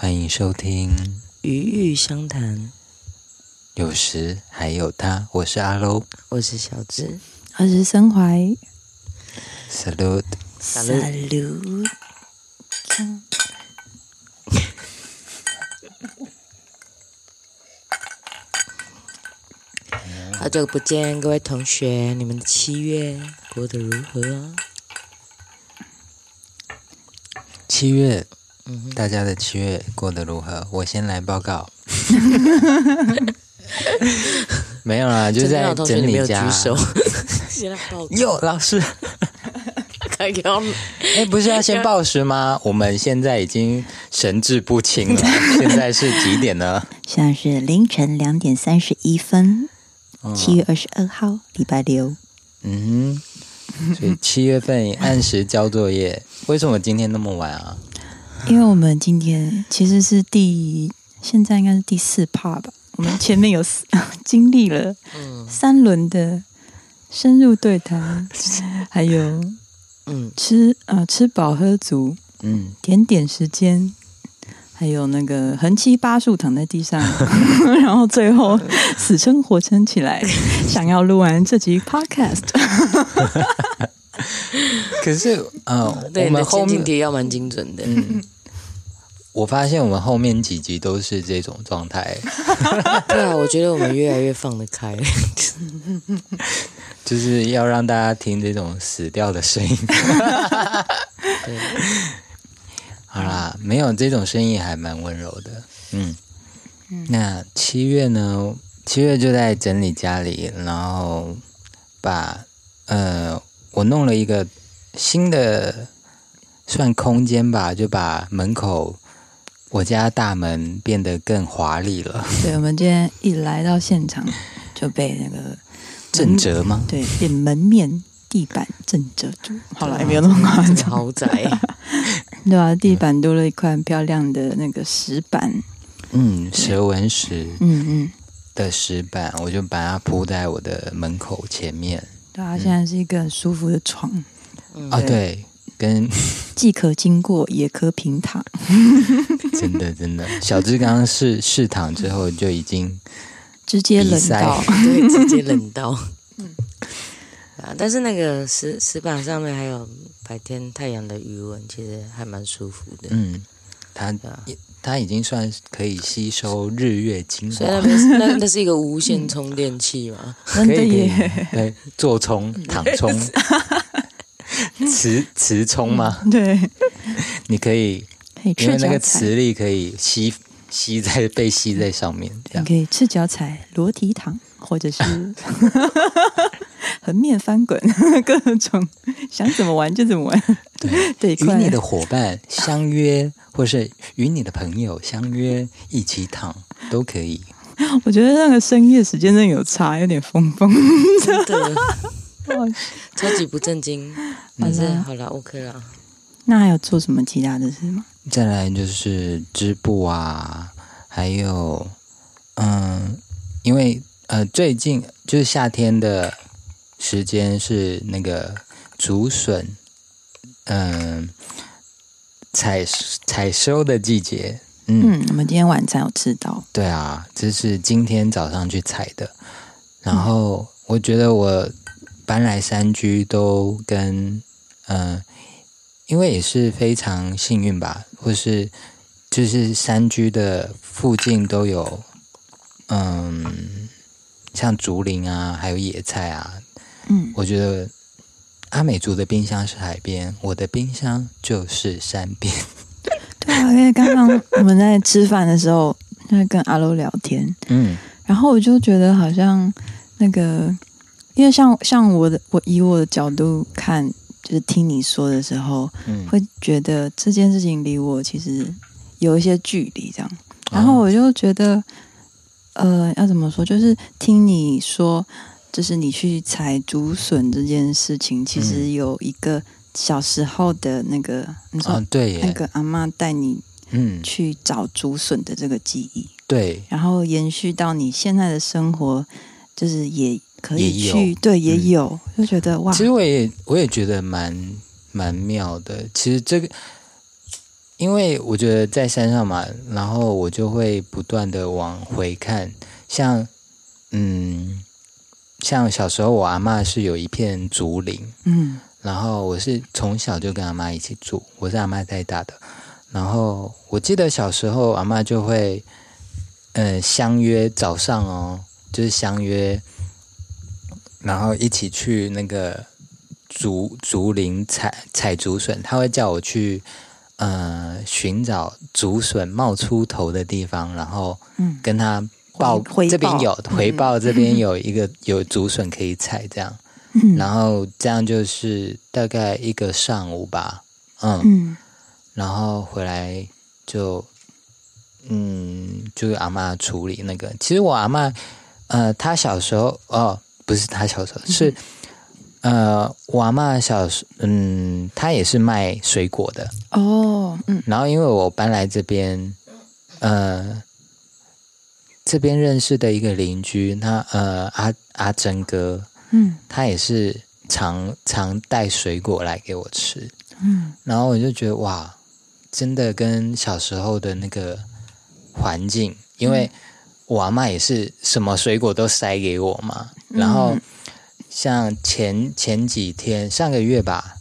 歡迎收聽《餘域相談》，有時還有祂。我是 A Lo，我是小芝，我是森淮。Salud，salud，salud。好久 Salud、啊這個、不見，各位同學，你們的七月過得如何？七月。大家的七月過得如何？我先來報告。 沒有啊，就在整理家。喲 老師。哎、 欸，不是要先報時嗎？我們現在已經神志不清了。現在是幾點呢？現在是凌晨兩點三十一分。七月二十二號，禮拜六。 嗯，所以七月份按時交作業，為什麼今天那麼晚啊？因為我們今天其實是第現在應該是第四趴吧，我們前面有四經歷了三輪的深入對談，還有吃嗯吃啊吃飽喝足，嗯甜點，點時間，還有那個橫七八豎躺在地上， 然後最後死撐活撐起來， 想要錄完這集 Podcast， 可是、哦、對我們後面對得要蠻精準的，嗯。我發現我們後面幾集都是這種狀態。對啊，我覺得我們越來越放得開。 就是要讓大家聽這種死掉的聲音。 對，好啦，沒有這種聲音還蠻溫柔的。嗯，嗯那七月呢？七月就在整理家裡，然後把呃，我弄了一個新的算空間吧，就把門口。我家的大門變得更華麗了。對，我們今天一來到現場就被那個震 懾嗎？對，變門面、地板震懾住。啊、好了，沒有那麼誇張，豪宅啊。 對啊，地板多了一塊很漂亮的那個石板，嗯，蛇紋石，嗯嗯的石板，對嗯嗯我就把它鋪在我的門口前面。對啊，現在是一個很舒服的床、嗯、啊，對。跟既可經過也可平躺， 真的真的，小芝剛剛試試躺之後就已經直接冷到，對，直接冷到。嗯， 啊，但是那個石石板上面還有白天太陽的余溫，其實還蠻舒服的。嗯，它它、啊、已經算可以吸收日月精華，所以那邊那邊是那邊是一個無線充電器嘛，嗯、那對 可以對坐充躺充。 磁磁衝嗎？對，你可以，可以，因為那個磁力可以吸吸在被吸在上面，這樣你可以赤腳踩裸體躺，或者是 橫面翻滾，各種想怎麼玩就怎麼玩。對對，與你的夥伴相約， 或是與你的朋友相約一起躺都可以。我覺得那個深夜時間真的有差，有點瘋瘋，真的，超級不正經。反正好了，OK 了。那還有做什麼其他的事嗎？再來就是織布啊，還有，嗯，因為呃，最近就是夏天的時間是那個竹筍，嗯，採採收的季節。嗯，嗯，我們今天晚餐有吃到。對啊，這是今天早上去採的。然後我覺得我搬來山居都跟嗯，因為也是非常幸運吧，或是就是山居的附近都有，嗯，像竹林啊，還有野菜啊。嗯，我覺得阿美族的冰箱是海邊，我的冰箱就是山邊。對啊，因為剛剛我們在吃飯的時候在 跟阿露聊天，嗯，然後我就覺得好像那個，因為像像我的我以我的角度看。就是聽你說的時候，嗯、會覺得這件事情離我其實有一些距離，這樣。嗯、然後我就覺得，呃，要怎麼說？就是聽你說，就是你去採竹筍這件事情，其實有一個小時候的那個，嗯，你說啊、對，那個阿嬤帶你，嗯，去找竹筍的這個記憶，嗯、對。然後延續到你現在的生活，就是也。可以去，有對，也有、嗯、就覺得哇。其實我也我也覺得蠻蠻妙的。其實這個，因為我覺得在山上嘛，然後我就會不斷的往回看，嗯像嗯，像小時候我阿嬤是有一片竹林，嗯，然後我是從小就跟阿嬤一起住，我是阿嬤帶大的。然後我記得小時候阿嬤就會，嗯、呃、相約早上哦，就是相約。然後一起去那個竹竹林採採竹筍，他會叫我去呃尋找竹筍冒出頭的地方，然後嗯跟他報這邊有回報，這邊有一個、嗯、有竹筍可以採，這樣，嗯、然後這樣就是大概一個上午吧，嗯，嗯然後回來就嗯就是阿嬤處理那個，其實我阿嬤呃她小時候哦。不是他小時候、嗯、是，呃，我阿嬤小時嗯，他也是賣水果的哦，嗯，然後因為我搬來這邊，呃，這邊認識的一個鄰居，那呃阿阿珍哥，嗯，他也是常常帶水果來給我吃，嗯，然後我就覺得哇，真的跟小時候的那個環境，因為我阿媽也是什麼水果都塞給我嘛。然後，像前前幾天、上個月吧，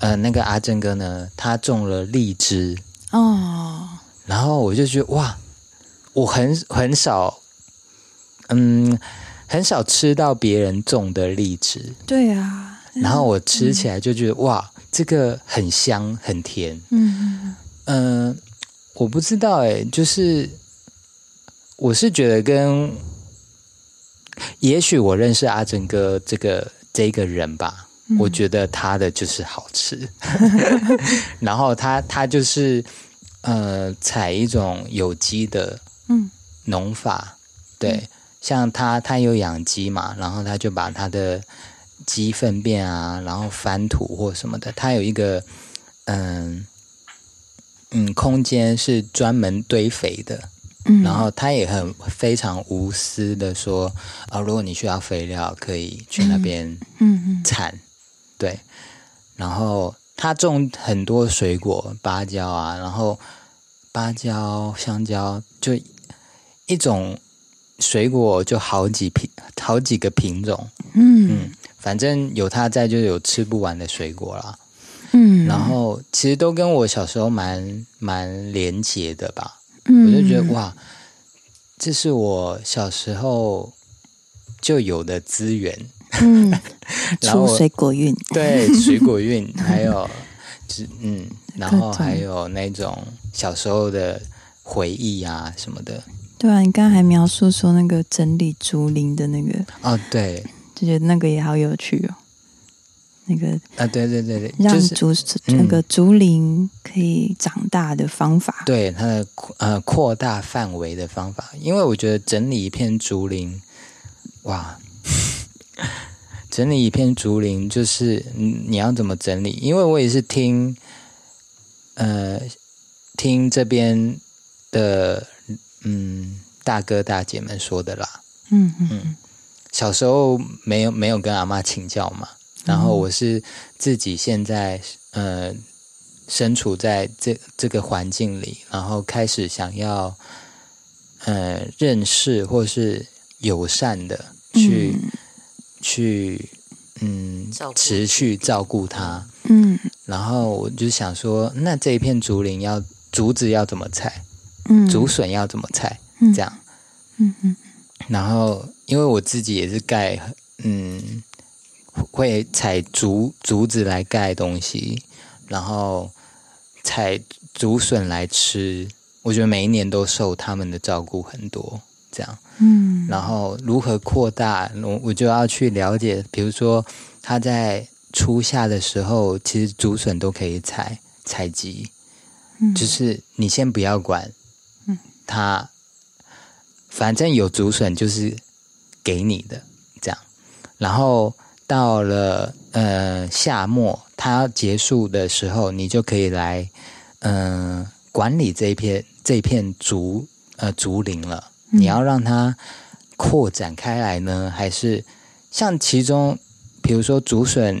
呃，那個阿珍哥呢，他種了荔枝哦。然後我就覺得哇，我很很少，嗯，很少吃到別人種的荔枝。對啊。嗯、然後我吃起來就覺得、嗯、哇，這個很香很甜。嗯嗯、呃，我不知道哎、欸，就是，我是覺得跟。也許我認識阿正哥這個這個人吧，嗯、我覺得他的就是好吃， 然後他他就是呃採一種有機的嗯農法，嗯、對，像他他有養雞嘛，然後他就把他的雞糞便啊，然後翻土或什麼的，他有一個、呃、嗯嗯空間是專門堆肥的。然後他也很非常無私的說：“啊，如果你需要肥料，可以去那邊嗯，嗯嗯，鏟，對。然後他種很多水果，芭蕉啊，然後芭蕉、香蕉，就一種水果就好幾品好幾個品種，嗯嗯，反正有他在，就有吃不完的水果啦。嗯。然後其實都跟我小時候蠻蠻連結的吧。”我就覺得哇，這是我小時候就有的資源，嗯、 然後出水果運，對，水果運， 還有，嗯，然後還有那種小時候的回憶啊什麼的。對啊，你剛才還描述說那個整理竹林的那個哦，對，就覺得那個也好有趣哦。那個啊，對對對對，讓竹那、就是、個竹林可以長大的方法，嗯、對它的擴呃擴大範圍的方法，因為我覺得整理一片竹林，哇， 整理一片竹林就是你要怎麼整理？因為我也是聽呃聽這邊的嗯大哥大姐們說的啦，嗯哼哼嗯，小時候沒有沒有跟阿媽請教嘛。然後我是自己現在呃身處在這這個環境裡，然後開始想要呃認識或是友善的去嗯去嗯照顧持續照顧它嗯，然後我就想說，那這一片竹林要竹子要怎麼採，嗯、竹筍要怎麼採，這樣，嗯嗯，嗯然後因為我自己也是蓋嗯。會採竹竹子，來蓋東西，然後採竹筍來吃。我覺得每一年都受他們的照顧很多，這樣。嗯。然後如何擴大，我我就要去了解。比如說，他在初夏的時候，其實竹筍都可以採採集。嗯。就是你先不要管它，嗯，他反正有竹筍就是給你的，這樣。然後。到了呃夏末它結束的時候，你就可以來嗯、呃、管理這一片這一片竹呃竹林了。嗯、你要讓它擴展開來呢，還是像其中比如說竹筍，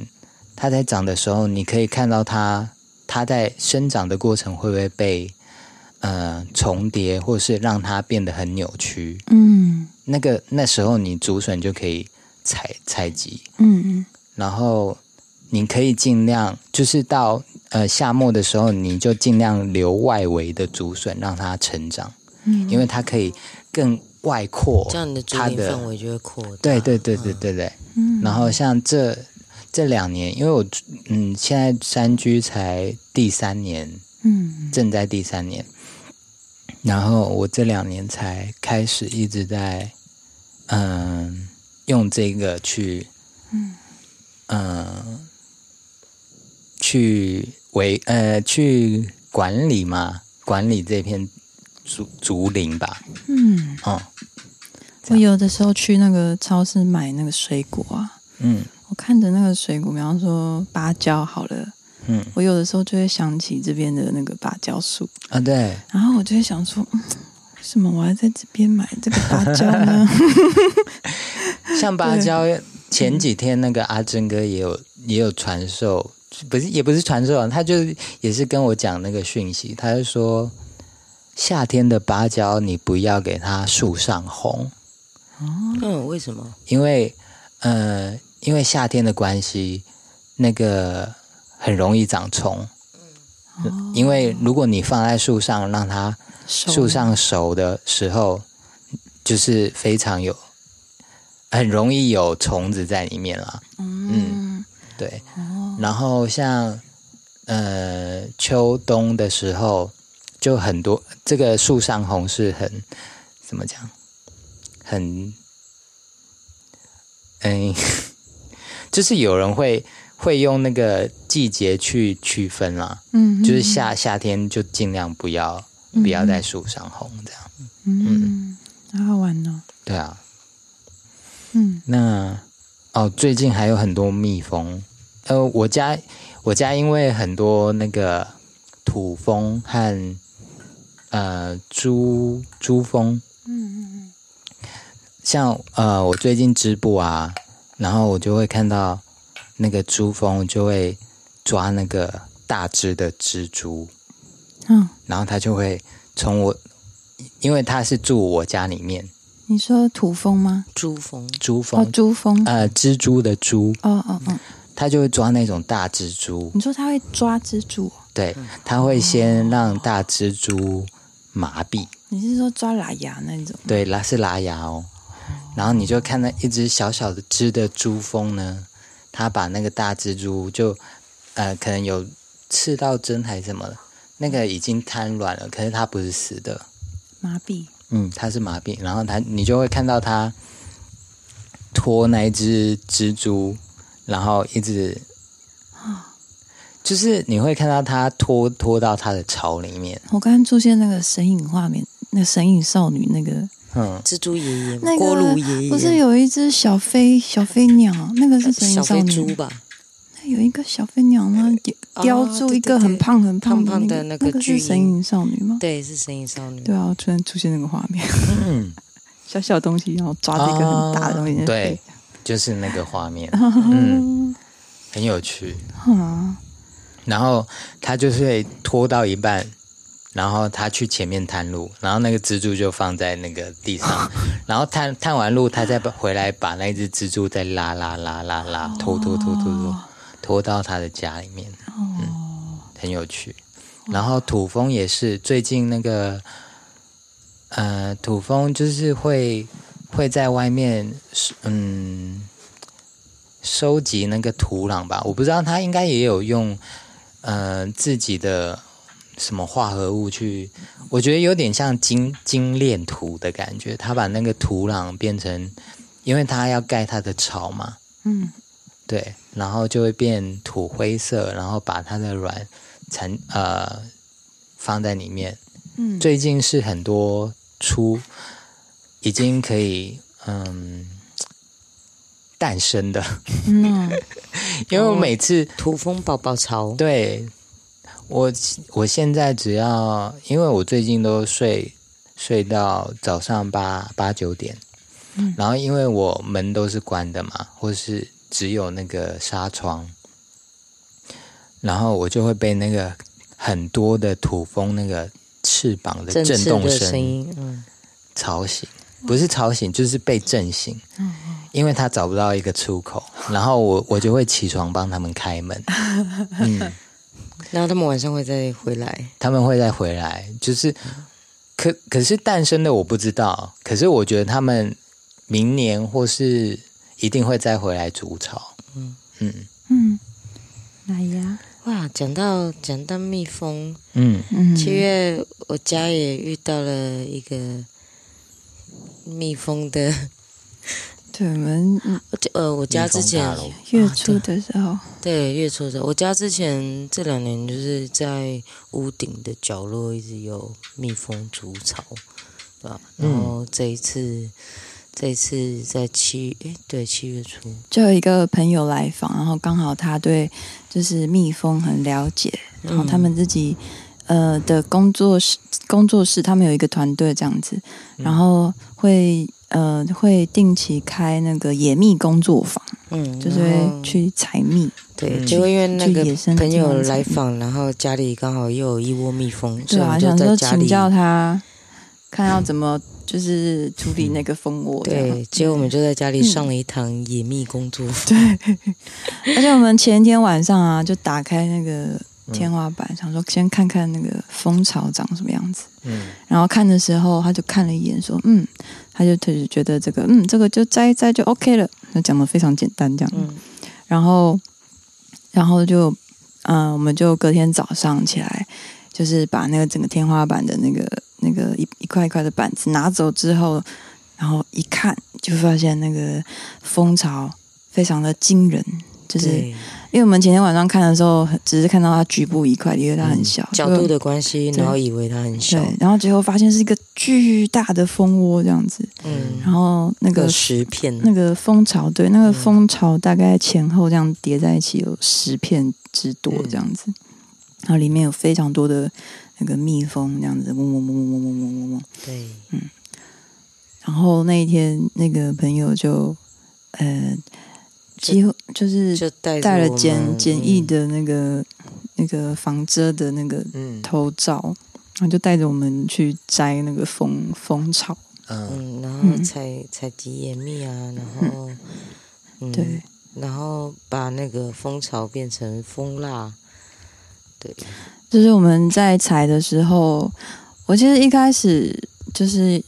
它在長的時候，你可以看到它它在生長的過程會不會被呃重疊，或是讓它變得很扭曲？嗯，那個那時候你竹筍就可以。採採集，嗯然後你可以盡量就是到呃夏末的時候，你就盡量留外圍的竹筍讓它成長，嗯，因為它可以更外擴，這樣你的竹林範圍就會擴。對對對對對對，嗯，然後像這這兩年，因為我嗯現在山居才第三年，嗯，正在第三年，然後我這兩年才開始一直在嗯。用這個去，嗯呃去，呃，去呃去管理嘛，管理這片竹竹林吧。嗯，哦，我有的時候去那個超市買那個水果啊，嗯，我看着那個水果，比方說芭蕉好了，嗯，我有的時候就會想起這邊的那個芭蕉樹啊，對，然後我就會想說。為什麼我要在這邊買這個芭蕉呢？ 像芭蕉， 對前幾天那個阿珍哥也有也有傳授，不是也不是傳授啊，他就也是跟我講那個訊息，他就說夏天的芭蕉你不要給它樹上紅。嗯，為什麼？因為呃，因為夏天的關係，那個很容易長蟲。嗯，因為如果你放在樹上，讓它。樹上熟的時候，就是非常有，很容易有蟲子在裡面啦。嗯，對。然後像呃秋冬的時候，就很多這個樹上紅是很怎麼講？很，嗯 就是有人會會用那個季節去區分啦，嗯，就是夏夏天就盡量不要。不要在樹上紅這樣，嗯，嗯，嗯，好好玩哦！對啊，嗯，那哦，最近還有很多蜜蜂，呃，我家我家因為很多那個土蜂和呃蛛蛛蜂。嗯嗯嗯，像呃，我最近織布啊，然後我就會看到那個蛛蜂就會抓那個大只的蜘蛛。嗯，然後他就會從我，因為他是住我家裡面。你說“土蜂”嗎？“蛛蜂”“蛛蜂”哦，“蛛蜂。呃，蜘蛛的蛛“蛛”哦。哦哦哦，他就會抓那種大蜘蛛。你說他會抓蜘蛛哦？對，他會先讓大蜘蛛麻痹。你是說抓拉牙那種？對，那是拉牙哦。然後你就看那一隻小小的蜘的蛛蜂呢，他把那個大蜘蛛就呃，可能有刺到針還是什麼的那個已經癱軟了，可是它不是死的，麻痹。嗯，它是麻痹，然後他，你就會看到它拖那一只蜘蛛，然後一直啊，就是你會看到它拖拖到它的巢裡面。我剛剛出現那個神隱畫面，那神隱少女那個嗯，蜘蛛爺爺、那個、鍋爐爺爺，不是有一只小飛小飛鳥？那個是神隱少女吧？有一個小飛鳥嗎？然叼住一個很胖很胖胖的那個，那個是身影少女嗎？對，是身影少女。對啊，突然出現那個畫面，嗯，小小東西然後抓着一個很大的東西。哦，對，對就是那個畫面，嗯，嗯，很有趣。啊、嗯，然後他就是拖到一半，然後他去前面探路，然後那個蜘蛛就放在那個地上，哦，然後探探完路，他再回來把那只蜘蛛再拉拉拉拉拉拖拖拖拖拖。拖拖拖拖拖到他的家裡面，嗯，oh. 很有趣。Oh. 然後土蜂也是最近那個，呃，土蜂就是會會在外面，嗯，收集那個土壤吧。我不知道他應該也有用，呃，自己的什麼化合物去。我覺得有點像精精煉土的感覺。他把那個土壤變成，因為他要蓋他的巢嘛。嗯，oh. 對。然後就會變土灰色，然後把它的卵產呃放在裡面。嗯、最近是很多出，已經可以嗯誕生的。嗯、哦， 因為我每次土蜂、哦、寶寶巢，對我我現在只要因為我最近都睡睡到早上八八九點，嗯、然後因為我門都是關的嘛，或是。只有那個紗窗，然後我就會被那個很多的土蜂那個翅膀的震動聲吵醒，不是吵醒，就是被震醒，因為他找不到一個出口，然後我我就會起床幫他們開門，嗯，然後他們晚上會再回來，他們會再回來，就是可可是誕生的我不知道，可是我覺得他們明年或是。一定會再回來築巢。嗯嗯嗯，哎、嗯嗯、呀，哇！講到講到蜜蜂，嗯嗯，七月、嗯、我家也遇到了一個蜜蜂的，對我們呃，我家之前月初的時候，啊、對，對月初的時候，我家之前這兩年就是在屋頂的角落一直有蜜蜂築巢，對吧、嗯、然後這一次。這次在七，哎，對，七月初就有一個朋友來訪，然後剛好他對就是蜜蜂很了解，嗯、然後他們自己呃的工作室，工作室他們有一個團隊這樣子，然後會、嗯、呃會定期開那個野蜜工作坊，嗯，就是會去採蜜，嗯、對，就對因為因為那個朋友來訪，然後家裡剛好又有一窩蜜蜂，對，所以想說請教他看要怎麼。就是處理那個蜂窩、嗯，對，結果我們就在家裡上了一堂野蜜工作、嗯。對，而且我們前一天晚上啊，就打開那個天花板，嗯、想說先看看那個蜂巢長什麼樣子。嗯，然後看的時候，他就看了一眼，說：“嗯，他就特覺得這個，嗯，這個就摘一摘就 OK 了。”那講的非常簡單，這樣。嗯，然後，然後就，嗯，我們就隔天早上起來，就是把那個整個天花板的那個。那個一塊一塊一塊的板子拿走之後，然後一看就發現那個蜂巢非常的驚人，就是對因為我們前天晚上看的時候，只是看到它局部一塊，因為它很小，嗯、角度的關係，對然後以為它很小，然後最後發現是一個巨大的蜂窩這樣子。嗯，然後那個，個十片那個蜂巢，對，那個蜂巢大概前後這樣疊在一起有十片之多這樣子，對然後裡面有非常多的。那個蜜蜂這樣子，嗡嗡嗡嗡嗡嗡嗡嗡嗡。對，嗯，然後那一天，那個朋友就，呃，就幾乎就是就帶帶了簡簡易的那個、嗯、那個防蜇的那個頭罩，嗯、然後就帶着我們去摘那個蜂蜂巢，嗯,嗯，然後採採集野蜜啊，然後，嗯嗯、對，然後把那個蜂巢變成蜂蠟。就是我們在採的時候，我其實一開始就是，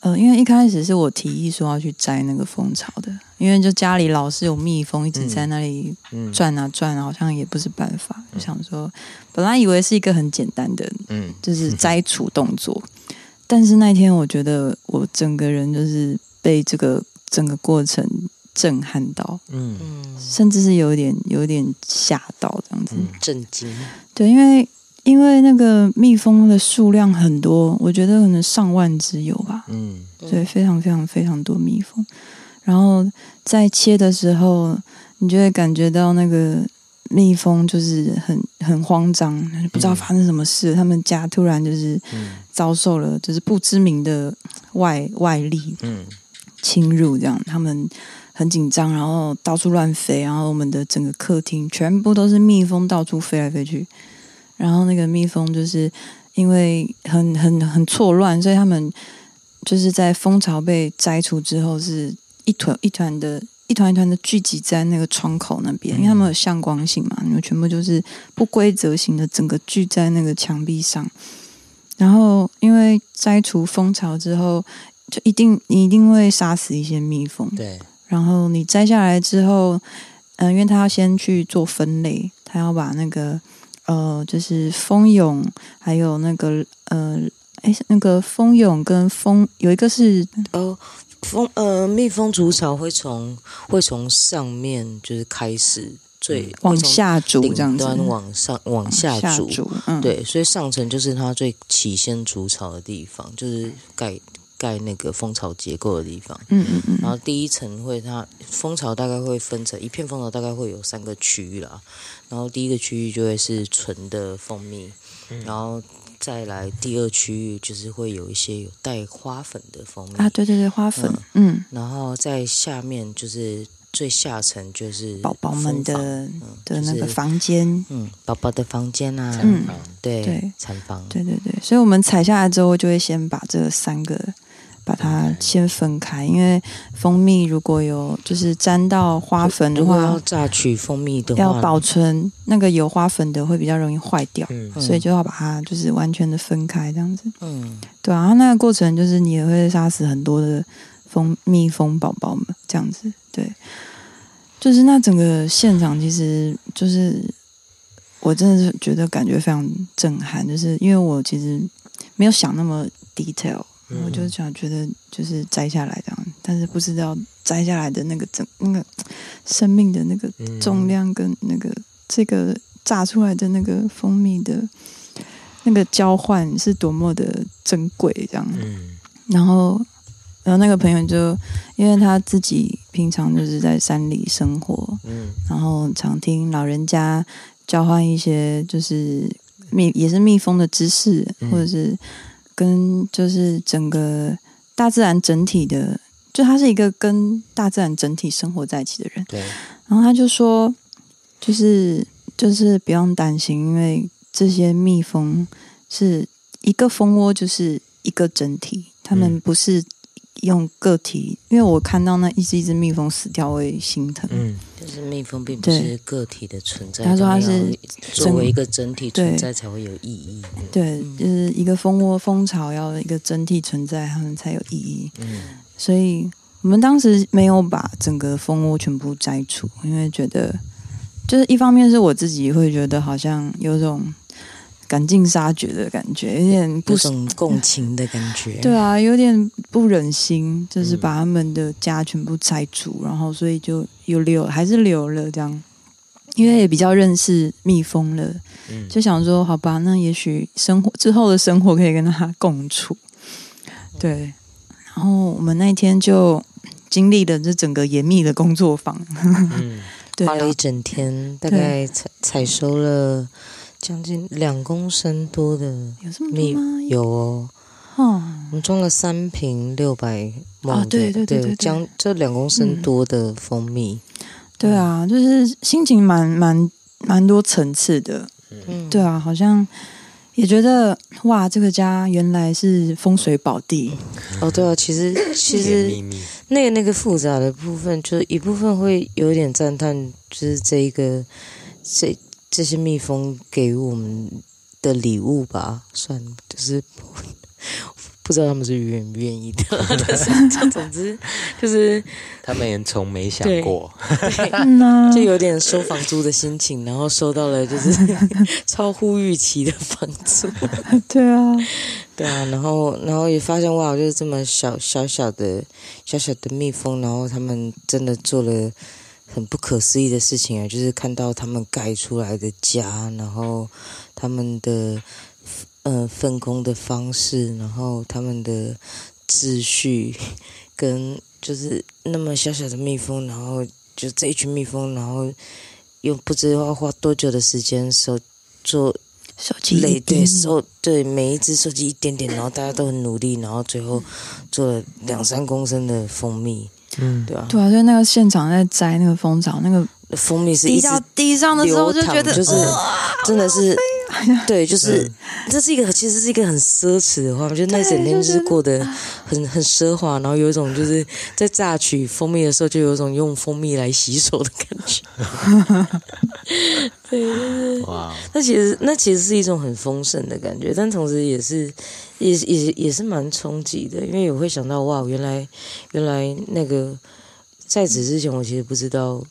呃，因為一開始是我提議說要去摘那個蜂巢的，因為就家裡老是有蜜蜂一直在那裡轉啊轉啊，嗯，好像也不是辦法。就想說本來以為是一個很簡單的，嗯，就是摘除動作，嗯嗯，但是那天我覺得我整個人就是被這個整個過程。震撼到，嗯，甚至是有點有點嚇到這樣子，震驚、嗯。對，因為因為那個蜜蜂的數量很多，我覺得可能上萬隻有吧，嗯，所以對、嗯、非常非常非常多蜜蜂。然後在切的時候，你就會感覺到那個蜜蜂就是很很慌張，不知道發生什麼事，嗯、他們家突然就是遭受了就是不知名的外外力侵入，這樣他們。很緊張，然後到處亂飛，然後我們的整個客廳全部都是蜜蜂，到處飛來飛去。然後那個蜜蜂就是因為很很很錯亂，所以他們就是在蜂巢被摘除之後，是一團一團的，一團一團的聚集在那個窗口那邊，嗯、因為他們有向光性嘛，因為全部就是不規則型的，整個聚在那個牆壁上。然後因為摘除蜂巢之後，就一定你一定會殺死一些蜜蜂。對。然後你摘下來之後，嗯、呃，因為它要先去做分類，它要把那個呃，就是蜂蛹，還有那個呃，哎，那個蜂蛹跟蜂有一個是呃蜂呃，蜜蜂築巢會從會從上面就是開始最、嗯、往下築，這往上往下築，嗯下築嗯、對，所以上層就是它最起先築巢的地方，就是蓋。蓋那個蜂巢結構的地方，嗯嗯嗯，嗯，然後第一層會它蜂巢大概會分成一片蜂巢，大概會有三個區域啦，然後第一個區域就會是純的蜂蜜，嗯、然後再來第二區域就是會有一些有帶花粉的蜂蜜啊，對對對，花粉，嗯，嗯，然後在下面就是最下層就是寶寶們的、嗯就是、的那個房間，嗯，寶寶的房間啊，產房嗯。對產房，對對，產房，對對對，所以我們採下來之後就會先把這三個。把它先分開，因為蜂蜜如果有就是沾到花粉的話，要榨取蜂蜜的話，要保存那個有花粉的會比較容易壞掉,嗯,所以就要把它就是完全的分開這樣子。嗯，對啊，那個過程就是你也會殺死很多的蜂蜜蜂,蜂,蜂寶寶們這樣子。對，就是那整個現場其實就是我真的是覺得感覺非常震撼，就是因為我其實沒有想那麼 detail。我就想覺得就是摘下來這樣，但是不知道摘下來的那個整那個生命的那個重量跟那個這個榨出來的那個蜂蜜的那個交換是多麼的珍貴這樣。然後然後那個朋友就因為他自己平常就是在山裡生活，然後常聽老人家交換一些就是蜜也是蜜蜂的知識或者是。跟就是整個大自然整體的，就他是一個跟大自然整體生活在一起的人。對，然後他就說，就是就是不用擔心，因為這些蜜蜂是一個蜂窩，就是一個整體，他們不是、嗯。用個體，因為我看到那一只一隻蜜蜂死掉，會心疼。嗯，就是蜜蜂並不是個體的存在。他說他是作為一個整體存在才會有意義。對，對，就是一個蜂窩蜂巢要一個整體存在，他們才有意義。嗯，所以我們當時沒有把整個蜂窩全部摘除，因為覺得就是一方面是我自己會覺得好像有種。趕盡殺絕的感覺，有點不有共情的感覺，嗯。對啊，有點不忍心，就是把他們的家全部拆除，嗯、然後所以就又留，還是留了這樣，因為也比較認識蜜蜂了，嗯，就想說好吧，那也許生活之後的生活可以跟他共處。嗯、對，然後我們那一天就經歷了這整個嚴密的工作坊，嗯， 對啊、花了一整天，大概採對採收了。將近兩公升多的蜜，有這麼多嗎？有哦，我們裝了三瓶六百，啊，對對對對，對，對，將這兩公升多的蜂蜜，嗯嗯、對啊，就是心情蠻蠻蠻多層次的，嗯，對啊，好像也覺得哇，這個家原來是風水寶地哦。對啊，其實其實那個、那個複雜的部分，就是一部分會有點讚嘆，就是這一個這。這些蜜蜂給我們的禮物吧，算就是不知道他們是願不願意的，但是就總之就是他們也從沒想過，就有點收房租的心情，然後收到了就是超乎預期的房租，對啊，對啊，然後然後也發現哇，就是這麼小小小的小小的蜜蜂，然後他們真的做了。很不可思議的事情啊，就是看到他們蓋出來的家，然後他們的嗯、呃、分工的方式，然後他們的秩序，跟就是那麼小小的蜜蜂，然後就這一群蜜蜂，然後又不知道要花多久的時間，收做收集累對收對每一隻收集一點點，然後大家都很努力，然後最後做了兩三公升的蜂蜜。嗯，對啊，對啊，所以那個現場在摘那個蜂巢，那個。蜂蜜是滴到地上的時候，我就覺得，就是真的是，對，就是這是一個其實是一個很奢侈的，話我覺得那整天是過得很很奢華，然後有一種就是在榨取蜂蜜的時候就有一種用蜂蜜來洗手的感覺，對，對，那其實那其實是一種很豐盛的感覺，但同時也是也也也是蠻衝擊的，因為我會想到哇，原來原來那個在此之前我其實不知道。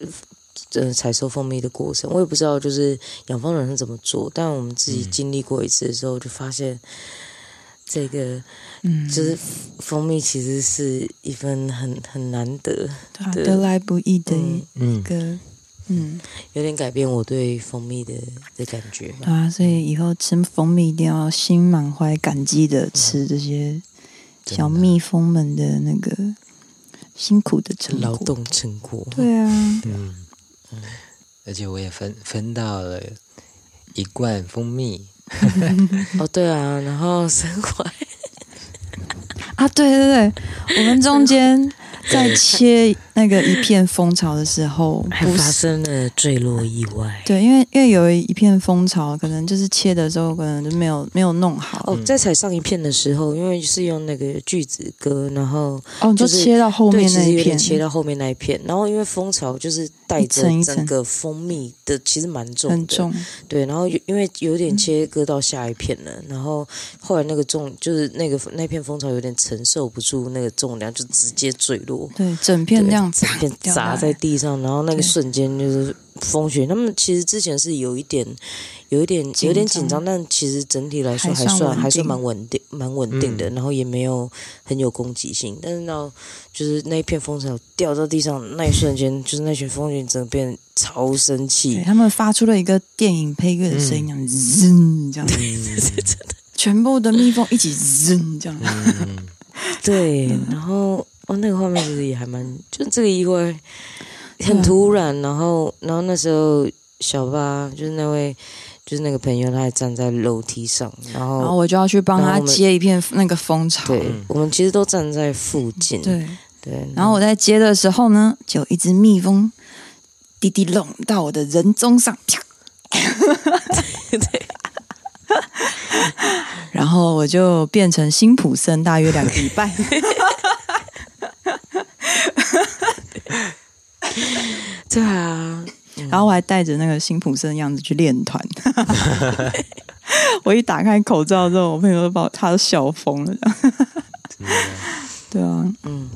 嗯，採收蜂蜜的過程，我也不知道，就是養蜂人是怎麼做。但我們自己經歷過一次的時候，嗯、就發現這個，嗯，就是蜂蜜其實是一份很很難得對、啊、得來不易的一個，嗯，嗯嗯有點改變我對蜂蜜的的感覺。對啊，所以以後吃蜂蜜一定要心滿懷感激的吃這些小蜜蜂們的那個。辛苦的成果，勞動成果，對啊，嗯嗯，而且我也分分到了一罐蜂蜜， 哦對啊，然後森淮， 啊對對對，我們中間。在切那個一片蜂巢的時候，還發生了墜落意外。對，因為因為有一片蜂巢，可能就是切的時候可能就沒有沒有弄好。哦，在採上一片的時候，因為是用那個鋸子割，然後、就是、哦就切到後面那一片，切到後面那一片，然後因為蜂巢就是帶着整個蜂蜜。一層一層的其實蠻重的，很重，對，然後因為有點切割到下一片了，嗯、然後後來那個重就是那個那片蜂巢有點承受不住那個重量，就直接墜落，對，整片這樣子砸在地上，然後那個瞬間就是。蜂群，他們其實之前是有一點，有一點，有點緊張，但其實整體來說還算，還是蠻穩定，蠻穩定的。然後也沒有很有攻擊性，但是到就是那一片蜂巢掉到地上那一瞬間，就是那群蜂群真的變超生氣，他們發出了一個電影配樂的聲音，這樣，這樣，真的，全部的蜜蜂一起這樣，對。然後那個畫面其實也還蠻，就這個意外。很突然，然後，然後那時候小巴就是那位就是那個朋友，他還站在樓梯上，然後，然後我就要去幫他接一片那個蜂巢。對，我們其實都站在附近。對對。然後我在接的時候呢，就一隻蜜蜂滴滴攏到我的人中上，啪，然後我就變成辛普森，大約兩個禮拜。 對啊，嗯，然後我還帶着那個辛普森的樣子去練團。哈哈 我一打開口罩之後，我朋友都把他笑瘋了。嗯，啊對啊，嗯，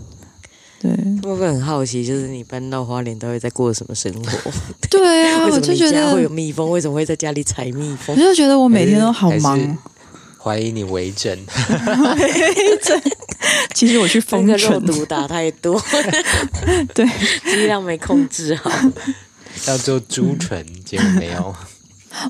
對。會不會很好奇？就是你搬到花蓮，都會在過什麼生活？對啊，我就覺得會有蜜蜂， 為什麼會在家裡採蜜蜂？我就覺得我每天都好忙。懷疑你為真，真。其實我去封時候肉毒打太多， 對，劑量沒控制好。要做豬唇，結果沒有。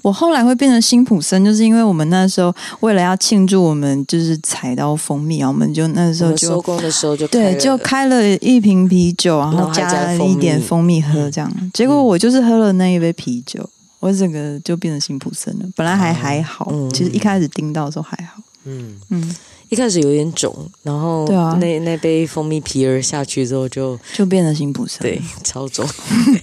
我後來會變成辛普森，就是因為我們那時候為了要慶祝我們就是採到蜂蜜，然後我們就那時候就收工的時候就對，就開了一瓶啤酒，然後加了一點蜂蜜,蜂蜜、嗯、喝，這樣。結果我就是喝了那一杯啤酒。我整個就變得辛普森了，本來還還好，啊嗯、其實一開始盯到的時候還好，嗯嗯，嗯一開始有點腫，然後對啊，那那杯蜂蜜皮兒下去之後就就變得辛普森，對超腫，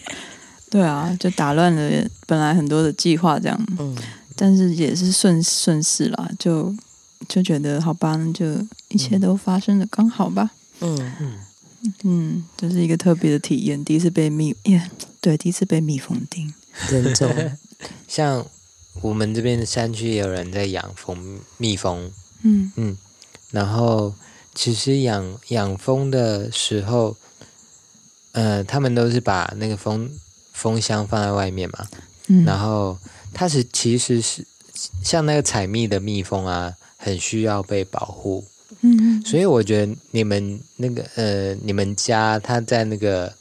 對啊，就打亂了本來很多的計劃，這樣，嗯，但是也是順順勢了，就就覺得好吧，就一切都發生得剛好吧，嗯嗯嗯，就是一個特別的體驗，第一次被蜜，yeah, 對，第一次被蜜蜂叮。真真，人種 像我們這邊的山區也有人在養蜂，蜜蜂，嗯嗯，然後其實養養蜂的時候，呃，他們都是把那個蜂蜂箱放在外面嘛，嗯，然後它是其實是像那個採蜜的蜜蜂啊，很需要被保護，嗯哼所以我覺得你們那個呃，你們家它在那個，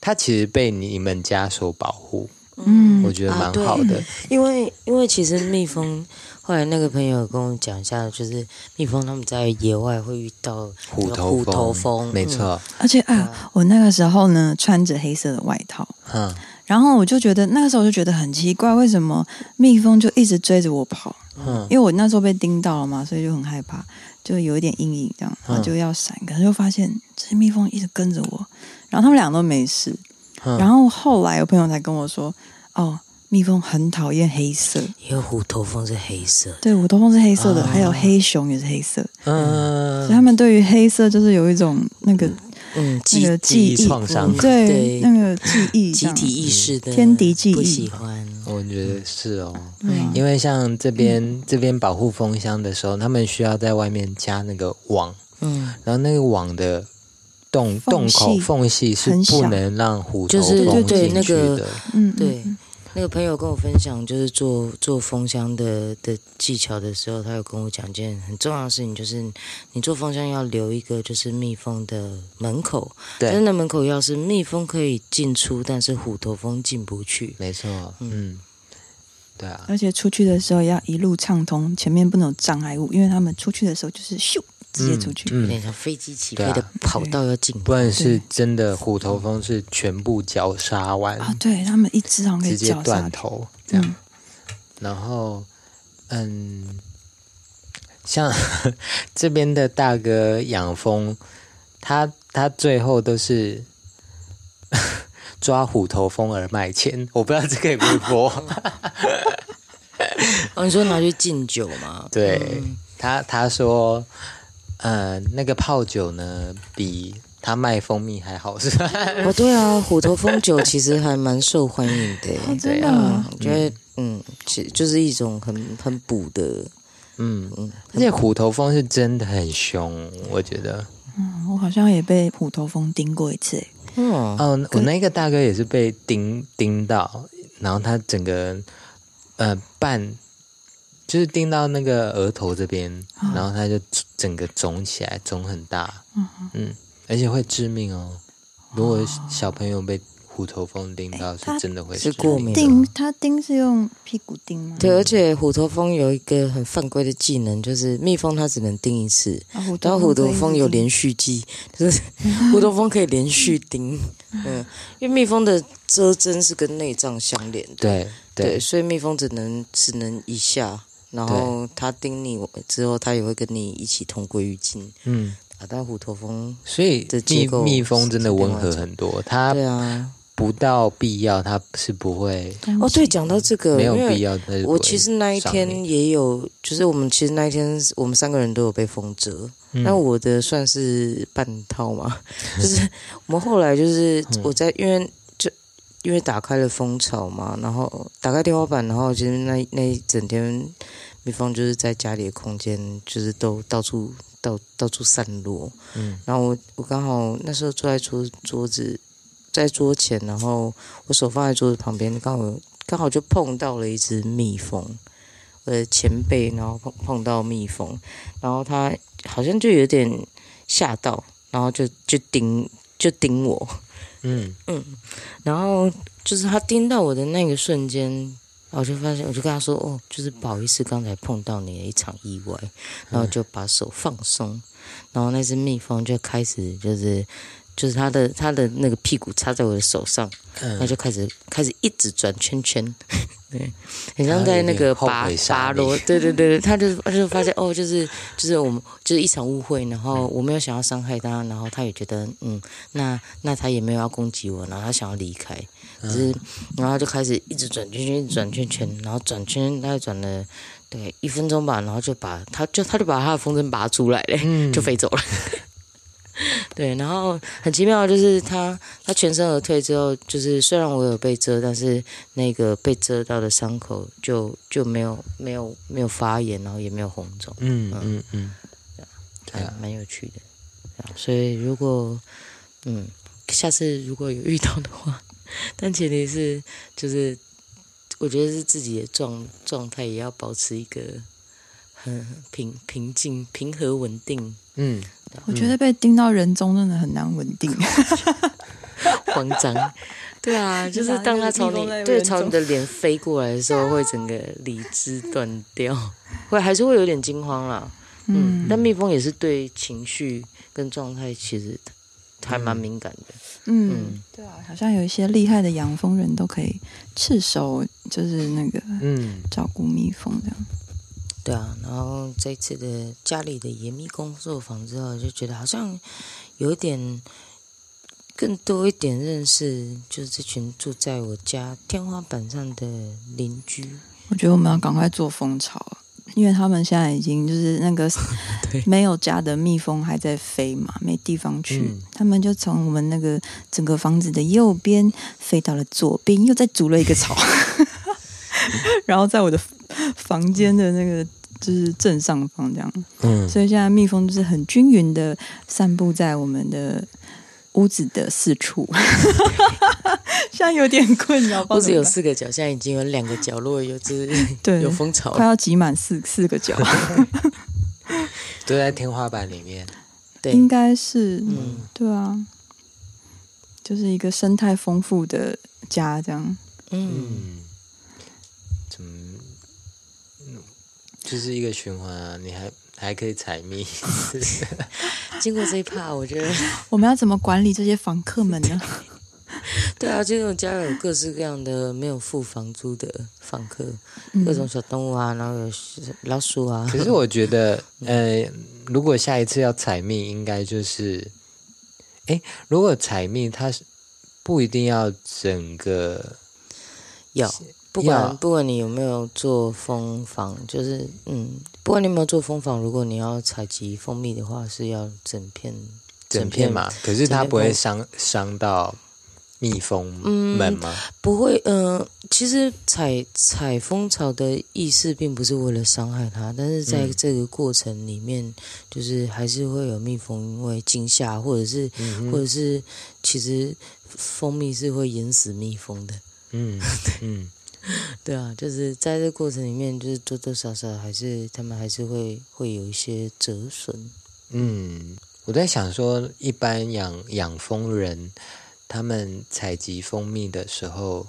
它其實被你們家所保護。嗯，我覺得蠻好的，啊嗯、因為因為其實蜜蜂，後來那個朋友跟我講一下，就是蜜蜂他們在野外會遇到虎頭蜂，虎頭蜂嗯、沒錯。而且啊，啊我那個時候呢穿着黑色的外套，嗯，然後我就覺得那個時候就覺得很奇怪，為什麼蜜蜂就一直追着我跑？嗯，因為我那時候被叮到了嘛，所以就很害怕，就有一點陰影這樣，然後就要閃，嗯、可能就發現這些蜜蜂一直跟着我，然後他們倆都沒事。然後後來有朋友才跟我說，哦，蜜蜂很討厭黑色，因為虎頭蜂是黑色，對，虎頭蜂是黑色的，還有黑熊也是黑色，嗯，所以他們對於黑色就是有一種那個，嗯，那個記憶創傷，對，那個記憶，集體意識的，天敵記憶，不喜歡。我覺得是哦，因為像這邊這邊保護蜂箱的時候，他們需要在外面加那個網，嗯，然後那個網的。洞洞口縫隙是不能讓虎頭蜂進去的。嗯，對。嗯嗯、那個朋友跟我分享，就是做做蜂箱的的技巧的時候，他有跟我講件很重要的事情，就是你做蜂箱要留一個就是蜜蜂的門口，就對是那門口要是蜜蜂可以進出，但是虎頭蜂進不去。沒錯。嗯，嗯，對啊。而且出去的時候要一路暢通，前面不能有障礙物，因為他們出去的時候就是咻。直接出去，嗯嗯、飛機起飛的跑道了景、啊、對不然是真的虎頭蜂，是全部絞殺完啊？對他們一只讓直接斷頭這樣。嗯、然後，嗯，像這邊的大哥養蜂，他他最後都是抓虎頭蜂而賣錢。我不知道這個有沒有播、 哦。你說拿去敬酒嗎？對他，他說。呃，那個泡酒呢，比他賣蜂蜜還好，是吧？哦，對啊，虎頭蜂酒其實還蠻受歡迎的，哦，真的嗎？對啊，我覺得嗯，嗯其實就是一種很很補的，嗯嗯，而且虎頭蜂是真的很凶，我覺得，嗯，我好像也被虎頭蜂叮過一次，嗯，哦，可是我那個大哥也是被叮叮到，然後他整個呃半。就是叮到那個額頭這邊，然後它就整個腫起來，腫很大，嗯而且會致命哦。如果小朋友被虎頭蜂叮到，是真的會是過敏。叮，它叮是用屁股叮嗎？對，而且虎頭蜂有一個很犯規的技能，就是蜜蜂它只能叮一次，然後虎頭蜂有連續技，就是虎頭蜂可以連續叮。嗯，因為蜜蜂的蜇針是跟內臟相連的，對對，所以蜜蜂只能只能一下。然後他叮你之後，他也會跟你一起同歸於盡。嗯，啊，但虎頭蜂，所以的蜜蜜蜂真的溫和很多，它對啊，不到必要它是不會。哦，對，講到這個，沒有必要。我其實那一天也有，就是我們其實那一天我們三個人都有被蜂蟄那我的算是半套嘛，就是我們後來就是我在因為就因為打開了蜂巢嘛，然後打開天花板，然後其實那那一整天。蜜蜂就是在家裡的空間，就是都到處、到到處散落。嗯，然後我我剛好那時候坐在桌桌子在桌前，然後我手放在桌子旁邊，剛好剛好就碰到了一隻蜜蜂，我的前輩，然後碰碰到蜜蜂，然後他好像就有點嚇到，然後就就叮就叮我，嗯嗯，然後就是他叮到我的那個瞬間。我就發現，我就跟他說：“哦，就是不好意思，剛才碰到你的一場意外。”然後就把手放鬆，嗯、然後那只蜜蜂就開始，就是，就是它的、它的那個屁股插在我的手上，他、嗯、就開始開始一直轉圈圈，對，很 像在那個拔拔螺。對對對對，他就他就發現哦，就是就是我們就是一場誤會。然後我沒有想要傷害他，然後他也覺得嗯，那那他也沒有要攻擊我，然後他想要離開。只是，然後就開始一直轉圈圈，一直轉圈圈，然後轉圈，他轉了對一分鐘吧，然後就把他就他就把他的風箏拔出來了，就飛走了。嗯、 對，然後很奇妙，就是他他全身而退之後，就是雖然我有被蟄，但是那個被蟄到的傷口就就沒有沒有沒有發炎，然後也沒有紅腫。嗯嗯嗯，對，蠻有趣的、啊。所以如果嗯下次如果有遇到的話。但前提是，就是我覺得是自己的狀狀態也要保持一個很平平靜、平和、穩定。嗯，後我覺得被叮到人中真的很難穩定，嗯、 慌張。 對啊，就是當他朝你對朝你的臉飛過來的時候，會整個理智斷掉，會還是會有點驚慌啦。嗯，嗯但蜜蜂也是對情緒跟狀態其實還蠻敏感的。嗯嗯，嗯對啊，好像有一些厲害的養蜂人都可以赤手，就是那個嗯，照顧蜜蜂這樣。嗯、對啊，然後這一次的家裡的野蜜工作坊之後，就覺得好像有點更多一點認識，就是這群住在我家天花板上的鄰居。我覺得我們要趕快做蜂巢。因為他們現在已經就是那個沒有家的蜜蜂還在飛嘛，對沒地方去，嗯、他們就從我們那個整個房子的右邊飛到了左邊，又再築了一個巢， 然後在我的房間的那個就是正上方這樣，嗯、所以現在蜜蜂就是很均勻的散布在我們的。屋子的四處， 現在有點困，你知道屋子有四個角， 現在已經有兩個角落有只對有蜂巢，快要擠滿四四個角， 都在天花板裡面。對，應該是，嗯、對啊，就是一個生態豐富的家，這樣。嗯，嗯怎麼，就是一個循環啊？你還。還可以採蜜。 經過這一趴，我覺得我們要怎麼管理這些房客們呢？ 對啊，這種家有各式各樣的沒有付房租的房客，嗯、各種小動物啊，然後有老鼠啊。可是我覺得，呃，嗯、如果下一次要採蜜，應該就是，哎、欸，如果採蜜，它是不一定要整個要、就是。不管要不管你有沒有做蜂房，就是嗯，不管你有沒有做蜂房，如果你要採集蜂蜜的話，是要整片整片，整片嘛？可是它，它不會傷傷到蜜蜂，嗯嗎？不會，嗯、呃，其實採採蜂巢的意思並不是為了傷害它，但是在這個過程裡面，嗯、就是還是會有蜜蜂會為驚嚇或者是嗯嗯或者是，其實蜂蜜是會淹死蜜蜂的，嗯嗯。嗯對啊，就是在這個過程裡面，就是多多少少還是他們還是會會有一些折損。嗯，我在想說，一般養養蜂人，他們採集蜂蜜的時候，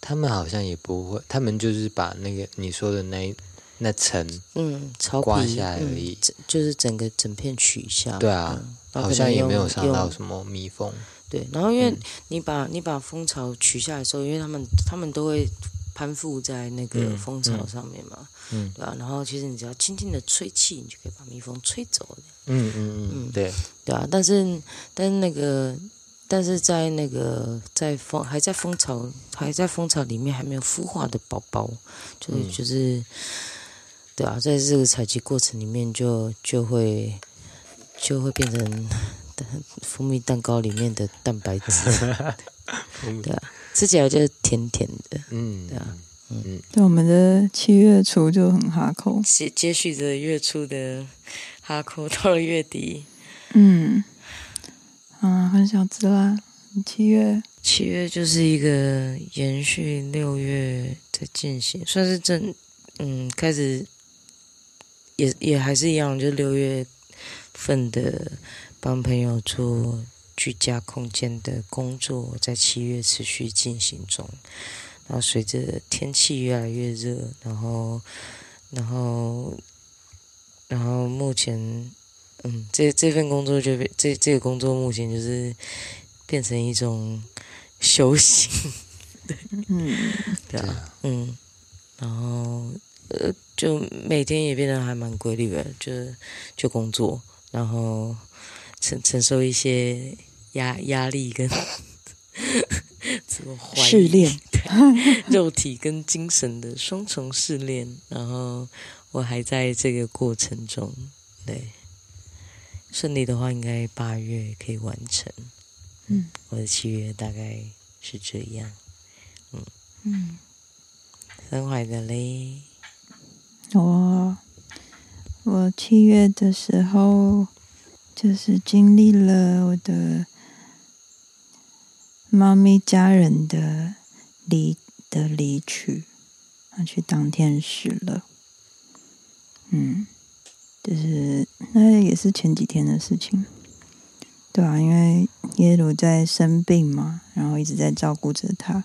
他們好像也不會，他們就是把那個你說的那那層，嗯，刮下來而已，嗯嗯、就是整個整片取下。對啊，嗯、好像也沒有傷到什麼蜜蜂。對，然後因為你把、嗯、你把蜂巢取下來的時候，因為他們他們都會攀附在那個蜂巢上面嘛，嗯嗯、對啊，然後其實你只要輕輕地吹氣，你就可以把蜜蜂、蜂吹走了。嗯嗯嗯，對對啊。但是但是那個但是在那個在蜂還在蜂巢還在蜂巢裡面還沒有孵化的寶寶，就是就是、嗯、對啊，在這個採集過程裡面就就會就會變成。蜂蜜蛋糕裡面的蛋白質， 對啊， 吃起來就是甜甜的。嗯，對啊，嗯。那我們的七月初就很 hardcore，接接續着月初的 hardcore，到了月底，嗯，啊、嗯，很想吃啦。七月七月就是一個延續六月的進行，算是正嗯開始也，也也還是一樣，就六月份的。幫朋友做居家空間的工作，在七月持續進行中。然後隨着天氣越來越熱，然後，然後，然後目前，嗯，這這份工作就變，這這個工作目前就是變成一種修行，對，嗯，對啊，對嗯，然後呃，就每天也變得還蠻規律的，就就工作，然後。承承受一些壓壓力跟 的試練，怎麼試煉，肉體跟精神的雙重試煉。然後我還在這個過程中，對，順利的話，應該八月可以完成。嗯，我的七月大概是這樣。嗯嗯，很懷的嘞。我我七月的時候。就是經歷了我的貓咪家人的離的離去，他去當天使了。嗯，就是那也是前幾天的事情，對啊，因為耶魯在生病嘛，然後一直在照顧着他。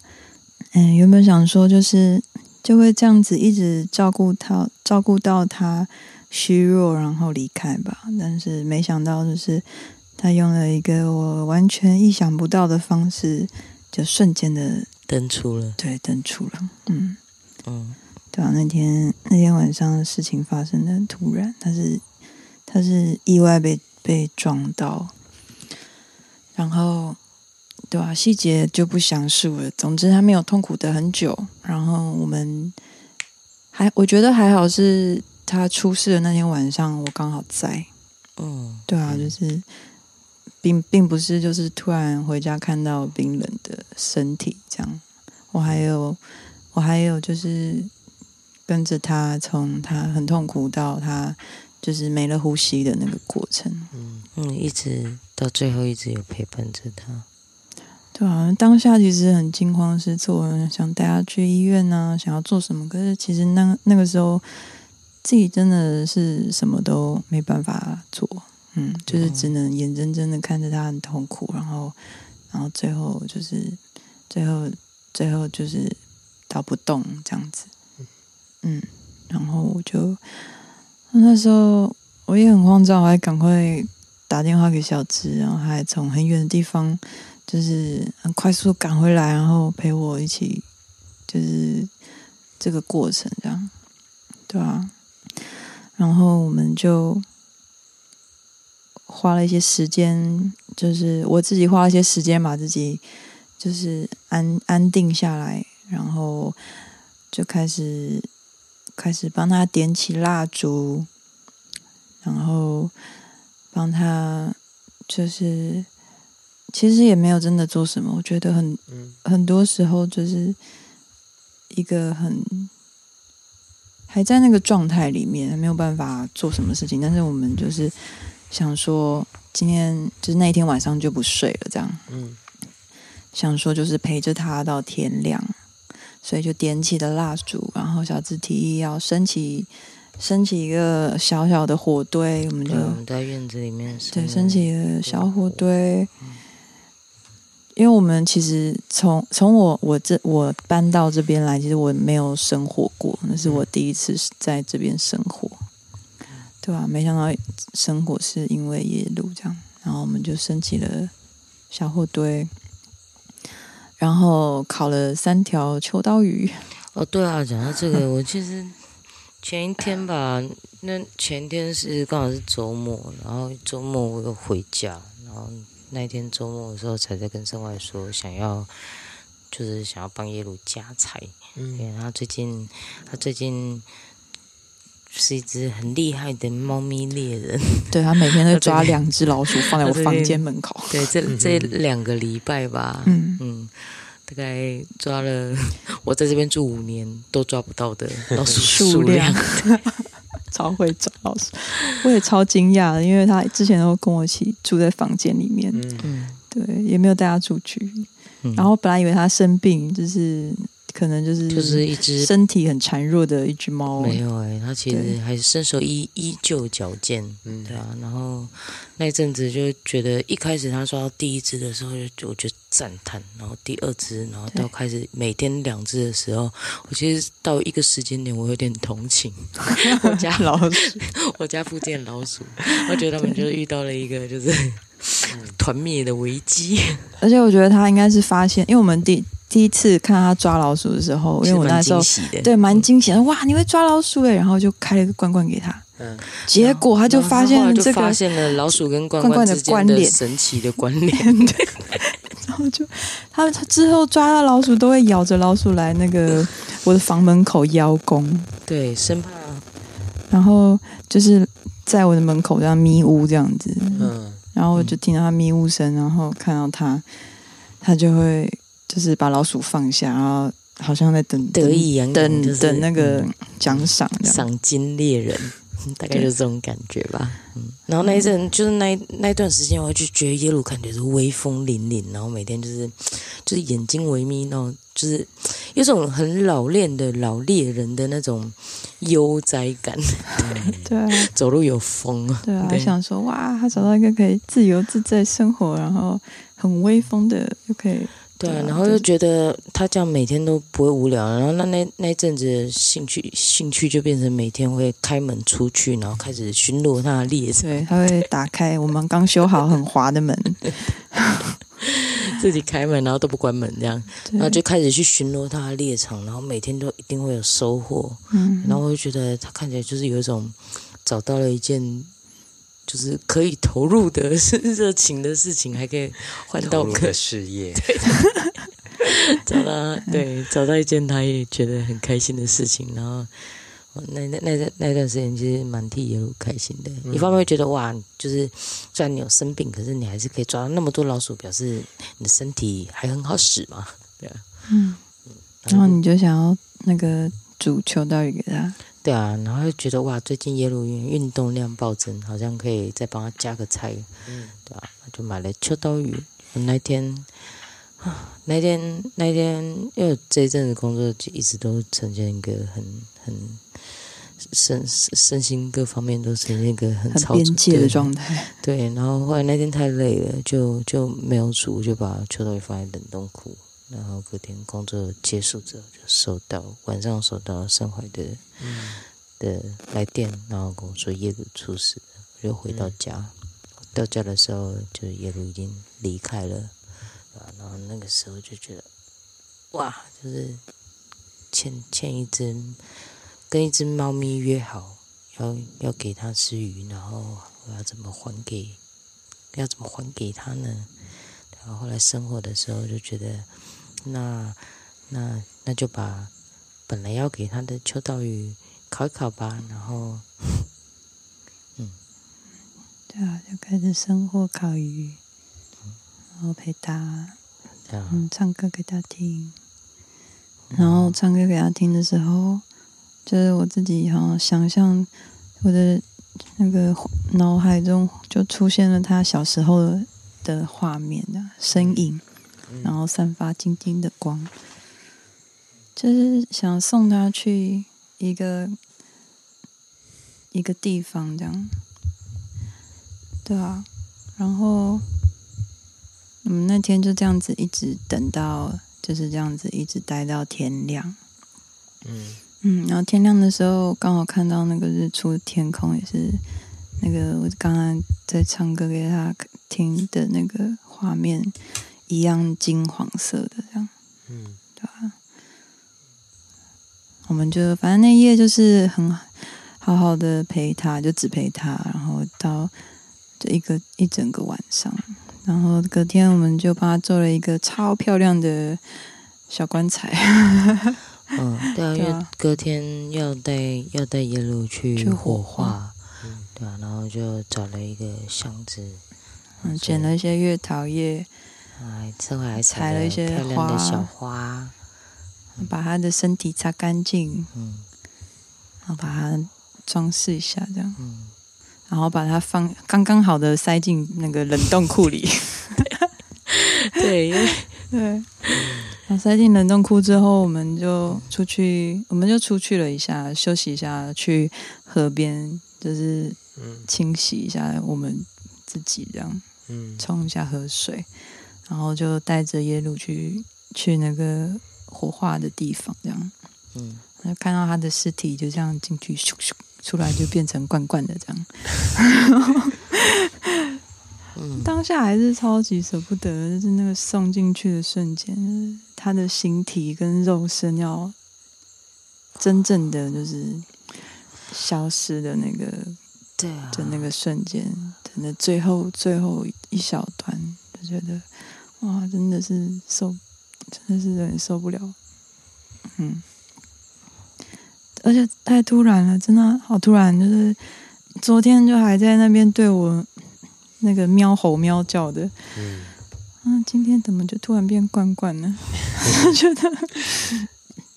嗯，原本想說就是就會這樣子一直照顧他，照顧到他。虛弱，然後離開吧。但是沒想到，就是他用了一個我完全意想不到的方式，就瞬間的登出了。對，登出了。嗯嗯，哦、對啊。那天那天晚上的事情發生的很突然，他是他是意外被被撞到，然後對啊，細節就不詳述了。總之，他沒有痛苦的很久。然後我們還我覺得還好是。他出事的那天晚上，我剛好在。嗯，oh. 對啊，就是並並不是就是突然回家看到冰冷的身體這樣。我還有，嗯、我還有就是跟着他，從他很痛苦到他就是沒了呼吸的那個過程。嗯，一直到最後一直有陪伴着他。對啊，當下其實很驚慌失措，想帶他去醫院呢，啊，想要做什麼？可是其實那那個時候。自己真的是什麼都沒辦法做，嗯，就是只能眼睜睜的看着他很痛苦，然後，然後最後就是，最後，最後就是倒不動這樣子，嗯，然後我就那時候我也很慌張，我還趕快打電話給小芝，然後還從很遠的地方就是很快速趕回來，然後陪我一起就是這個過程，這樣，對啊。然後我們就花了一些時間，就是我自己花了一些時間，把自己就是安安定下來，然後就開始開始幫他點起蠟燭，然後幫他就是其實也沒有真的做什麼，我覺得很、嗯、很多時候就是一個很。還在那個狀態裡面，沒有辦法做什麼事情。但是我們就是想說，今天就是那一天晚上就不睡了，這樣。嗯。想說就是陪着他到天亮，所以就點起了蠟燭，然後小芝提議要升起、升起一個小小的火堆。我們就，對，我們在院子裡面，對，升起一個小火堆。嗯、因為我們其實從從我我這我搬到這邊來，其實我沒有生火過。那是我第一次在這邊生火，對吧、啊？沒想到生火是因為夜路這樣，然後我們就生起了小火堆，然後烤了三條秋刀魚。哦，對啊，講到這個， 我其實前一天吧，那前天是剛好是周末，然後周末我又回家，然後那天周末的時候才在跟森淮說想要。就是想要幫耶魯加菜，嗯、對。然後最近，他最近是一隻很厲害的貓咪獵人。對，他每天都抓兩隻老鼠放在我房間門口。對，這這兩個禮拜吧，嗯，嗯，大概抓了我在這邊住五年都抓不到的老鼠，嗯、數量， 超會抓老鼠，我也超驚訝的，因為他之前都跟我一起住在房間裡面，嗯，對，也沒有帶他出去。嗯，然後本來以為它生病，就是可能就是就是一只身體很孱弱的一只貓。只沒有哎、欸，它其實還身手依依舊矯健。嗯，對啊。然後那一陣子就覺得，一開始他刷到第一只的時候就，我就我覺得讚嘆。然後第二只，然後到開始每天兩隻的時候，對我其實到一個時間點，我有點同情我家 老鼠， 我家附近的老鼠。我覺得他們就遇到了一個就是。團滅、嗯、的危機，而且我覺得他應該是發現，因為我們第第一次看到他抓老鼠的時候，因為我那時候對蠻驚喜的，哇，你會抓老鼠哎、欸，然後就開了一個罐罐給他，嗯，結果他就發現這個後後就發現了老鼠跟罐罐的關聯，神奇的關聯、嗯、對，然後就他之後抓到老鼠都會咬着老鼠來那個我的房門口邀功，對，生怕，然後就是在我的門口這樣迷屋這樣子，嗯。然後我就聽到他咪嗚聲，然後看到他，他就會就是把老鼠放下，然後好像在等得意洋洋，等等、就是，等那個獎賞，賞金獵人，大概就是這種感覺吧。對然後那一陣、嗯、就是那那一段時間，我就覺得耶魯，感覺是威風凛凛，然後每天就是就是眼睛微眯，那種，就是有一種很老練的老獵人的那種。悠哉感，對、嗯對啊、走路有風對、啊、對我想說哇，他找到一個可以自由自在生活，然後很威風的就可以，對、啊對啊、然後又覺得他這樣每天都不會無聊，然後那那那陣子興趣興趣就變成每天會開門出去，然後開始巡邏那列車，對，對他會打開我們剛修好很滑的門。 自己開門，然後都不關門，這樣，對然後就開始去巡邏他的獵場，然後每天都一定會有收穫，嗯，然後我就覺得他看起來就是有一種找到了一件就是可以投入的、熱情的事情，還可以換到個事業，對，找到，對，找到一件他也覺得很開心的事情，然後。那那那那段時間其實蠻替耶魯開心的，一、嗯、方面會覺得哇，就是雖然你有生病，可是你還是可以抓到那麼多老鼠，表示你的身體還很好使嘛，對啊，嗯，然後你就想要那個煮秋刀魚啊，對啊，然後又覺得哇，最近耶魯運,運動量暴增，好像可以再幫他加個菜，嗯，對啊，就買了秋刀魚，嗯、那天。啊，那天那天，因為這一陣子工作就一直都呈現一個很很身身、身心各方面都呈現一個很操很邊界的狀態。對，然後後來那天太累了，就就沒有煮，就把秋刀魚放在冷凍庫。然後隔天工作結束之後就收到晚上收到森淮的、嗯、的來電，然後跟我說耶魯出事，又回到家，嗯、到家的時候就耶魯已經離開了。然後那個時候就覺得，哇，就是欠欠一隻，跟一隻貓咪約好，要要給它吃魚，然後我要怎麼還給，要怎麼還給它呢？然後後來生火的時候就覺得，那那那就把本來要給它的秋刀魚烤一烤吧，然後，嗯，對啊，就開始生火烤魚。然後陪他，嗯，唱歌給他聽。然後唱歌給他聽的時候，就是我自己哈，想象我的那個腦海中就出現了他小時候的畫面的，身影，然後散發晶晶的光，就是想送他去一個一個地方，這樣。對啊，然後。我們那天就這樣子一直等到，就是這樣子一直待到天亮。嗯嗯，然後天亮的時候，剛好看到那個日出，天空也是那個我剛剛在唱歌給他聽的那個畫面一樣金黃色的這樣。嗯，對吧。啊，我們就反正那一夜就是很好好的陪他，就只陪他，然後到這一個一整個晚上。然後隔天我們就幫他做了一個超漂亮的小棺材。 嗯，對啊，對啊，因為隔天要帶要帶耶魯去火化，嗯，對啊，然後就找了一個箱子，嗯，撿了一些月桃葉，哎，這會還採了一些花漂亮的小花，嗯，把他的身體擦乾淨，嗯，然後把它裝飾一下，這樣，嗯。然後把它放剛剛好的塞進那個冷凍庫裡， 對，因為 對，對嗯、塞進冷凍庫之後，我們就出去，我們就出去了一下，休息一下，去河邊就是清洗一下我們自己這樣，嗯，沖一下河水，然後就帶着耶魯去去那個火化的地方這樣，嗯，看到他的屍體就這樣進去咻咻。出來就變成罐罐的這樣， 嗯、 當下還是超級捨不得，就是那個送進去的瞬間，他、就是、的形體跟肉身要真正的就是消失的那個，對，的那個瞬間，的最後最後一小段，就覺得哇，真的是受，真的是有點受不了，嗯。而且太突然了，真的好突然！就是昨天就還在那邊對我那個喵吼、喵叫的，嗯、啊，今天怎麼就突然變罐罐呢？ 覺得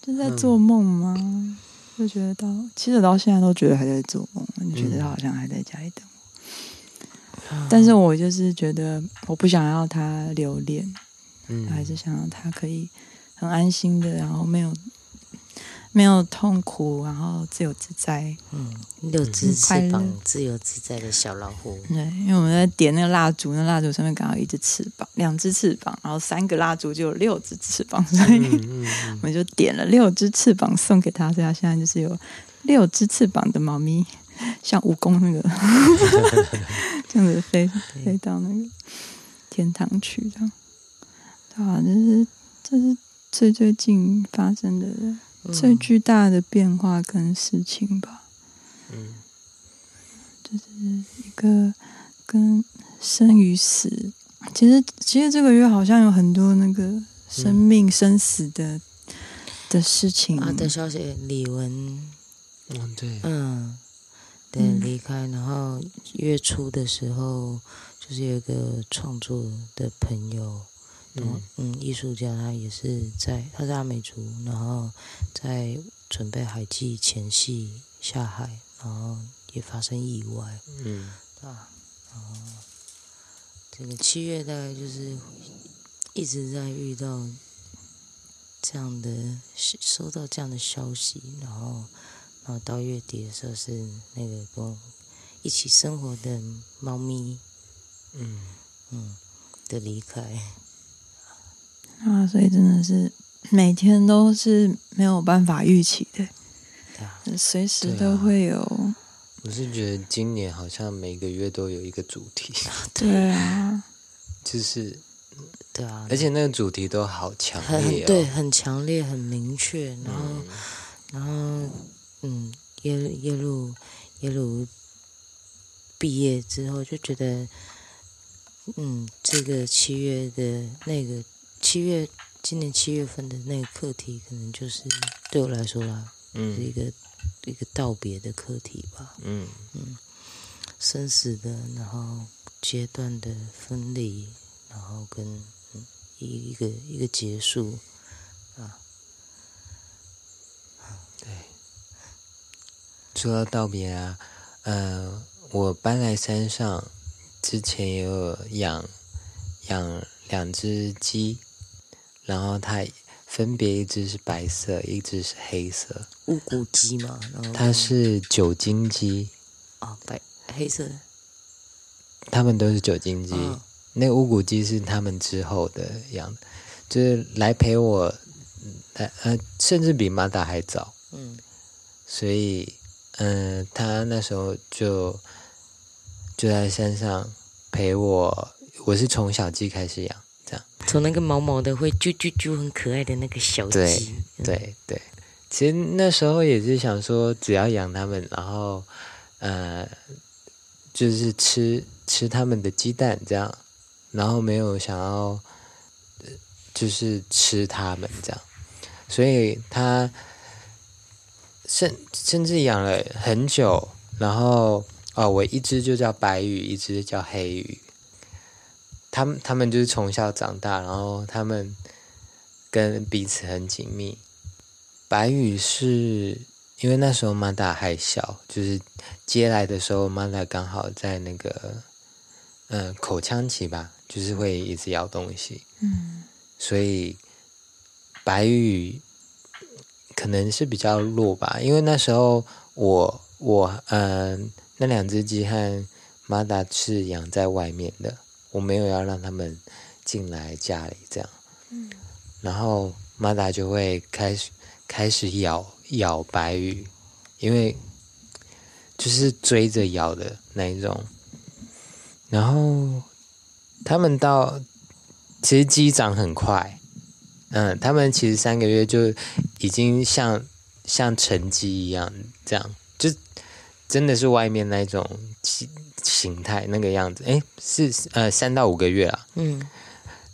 就在做夢嗎？嗯、就覺得到，其實我到現在都覺得還在做夢。你、嗯、覺得他好像還在家裡等我，嗯、但是我就是覺得我不想要他留戀，嗯，我還是想要他可以很安心的，然後沒有。沒有痛苦，然後自由自在，嗯，六隻翅膀，自由自在的小老虎。對，因為我們在點那個蠟燭，那蠟燭上面剛好一隻翅膀，兩隻翅膀，然後三個蠟燭就有六隻翅膀，所以、嗯嗯、 我們就點了六隻翅膀送給他，所以他現在就是有六隻翅膀的貓咪，像蜈蚣那個 這樣子飛飛到那個天堂去的。啊，這是這是最最近發生的。最巨大的變化跟事情吧，嗯，就是一個跟生與死。其實，其實這個月好像有很多那個生命生死的、嗯、的事情啊，等消息，李玟，嗯，對，嗯，嗯等離開，然後月初的時候，就是有一個創作的朋友。嗯嗯，藝術、嗯嗯、家他也是在，他在阿美族，然後在準備海祭前夕下海，然後也發生意外。嗯，啊，然後這個七月大概就是一直在遇到這樣的，收到這樣的消息，然後然後到月底的時候是那個跟我一起生活的貓咪，嗯嗯的離開。啊，所以真的是每天都是沒有辦法預期的，對啊，隨時都會有，啊。我是覺得今年好像每個月都有一個主題，對啊， 就是對啊，而且那個主題都好強烈哦，很、很，對，很強烈，很明確。然後，嗯、然後，嗯，耶耶魯耶魯畢業之後就覺得，嗯，這個七月的那個。七月，今年七月份的那個課題，可能就是對我來說啦，嗯、是一個一個道別的課題吧。嗯嗯，生死的，然後階段的分離，然後跟一、嗯、一個一個結束啊。對，說到道別啊，呃，我搬來山上之前有養養兩隻雞。然後它分別一只是白色，一只是黑色。烏骨雞嘛，它是九斤雞。哦，白黑色的。它們都是九斤雞，哦、那烏骨雞是它們之後的養，就是來陪我，呃呃，甚至比媽達還早。嗯，所以嗯，他、呃、那時候就就在山上陪我。我是從小雞開始養。從那個毛毛的會啾啾啾很可愛的那個小雞，對對對，其實那時候也是想說只要養它們，然後呃，就是吃吃它們的雞蛋這樣，然後沒有想要，就是吃它們這樣，所以它甚甚至養了很久，然後哦，我一隻就叫白羽，一隻叫黑羽。他們他們就是從小長大，然後他們跟彼此很緊密。白羽是，因為那時候馬達還小，就是接來的時候，馬達剛好在那個嗯、呃、口腔期吧，就是會一直咬東西，嗯，所以白羽可能是比較弱吧，因為那時候我我呃那兩隻雞和馬達是養在外面的。我沒有要讓他們進來家裡這樣，嗯，然後馬達就會開始開始咬咬白羽，因為就是追着咬的那一種。然後他們到其實雞長很快，嗯，他們其實三個月就已經像像成雞一樣這樣，就真的是外面那種雞。形態那個樣子，誒，是呃三到五個月啊。嗯，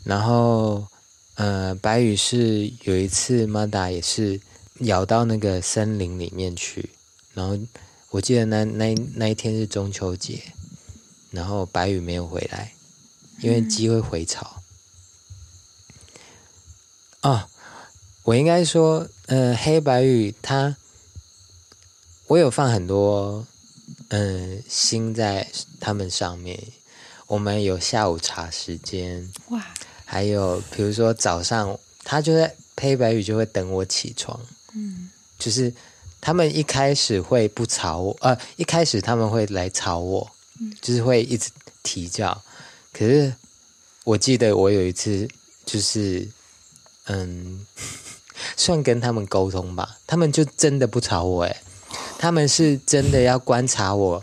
然後呃白羽是有一次，媽達也是咬到那個森林裡面去，然後我記得那那那一天是中秋節，然後白羽沒有回來，因為雞會回巢。嗯、哦，我應該說呃黑白羽它，我有放很多。嗯，心在他們上面。我們有下午茶時間哇，還有比如說早上，他就在呸，黑羽祢就會等我起床。嗯，就是他們一開始會不吵我，呃，一開始他們會來吵我，嗯、就是會一直啼叫。可是我記得我有一次，就是嗯，算跟他們溝通吧，他們就真的不吵我誒、欸。他們是真的要觀察我，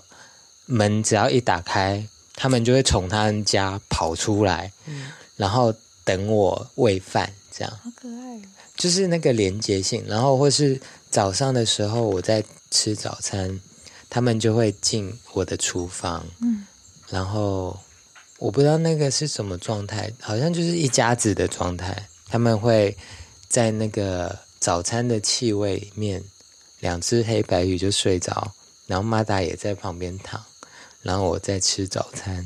門只要一打開，他們就會從他們家跑出來，嗯，然後等我餵飯，這樣。好可愛。就是那個連接性，然後或是早上的時候我在吃早餐，他們就會進我的廚房，嗯，然後我不知道那個是什麼狀態，好像就是一家子的狀態，他們會在那個早餐的氣味裡面。兩隻黑白羽就睡着，然後馬達也在旁邊躺，然後我在吃早餐。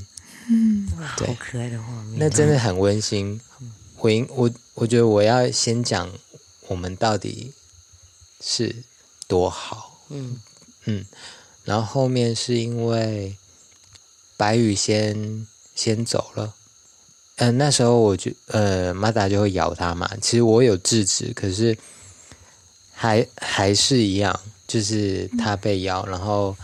嗯，對，好可愛的畫面，那真的很溫馨。嗯，我我我覺得我要先講我們到底是多好。嗯嗯，然後後面是因為白羽先先走了，嗯，呃，那時候我就呃馬達就會咬它嘛，其實我有制止，可是。還還是一樣，就是他被咬，嗯、然後，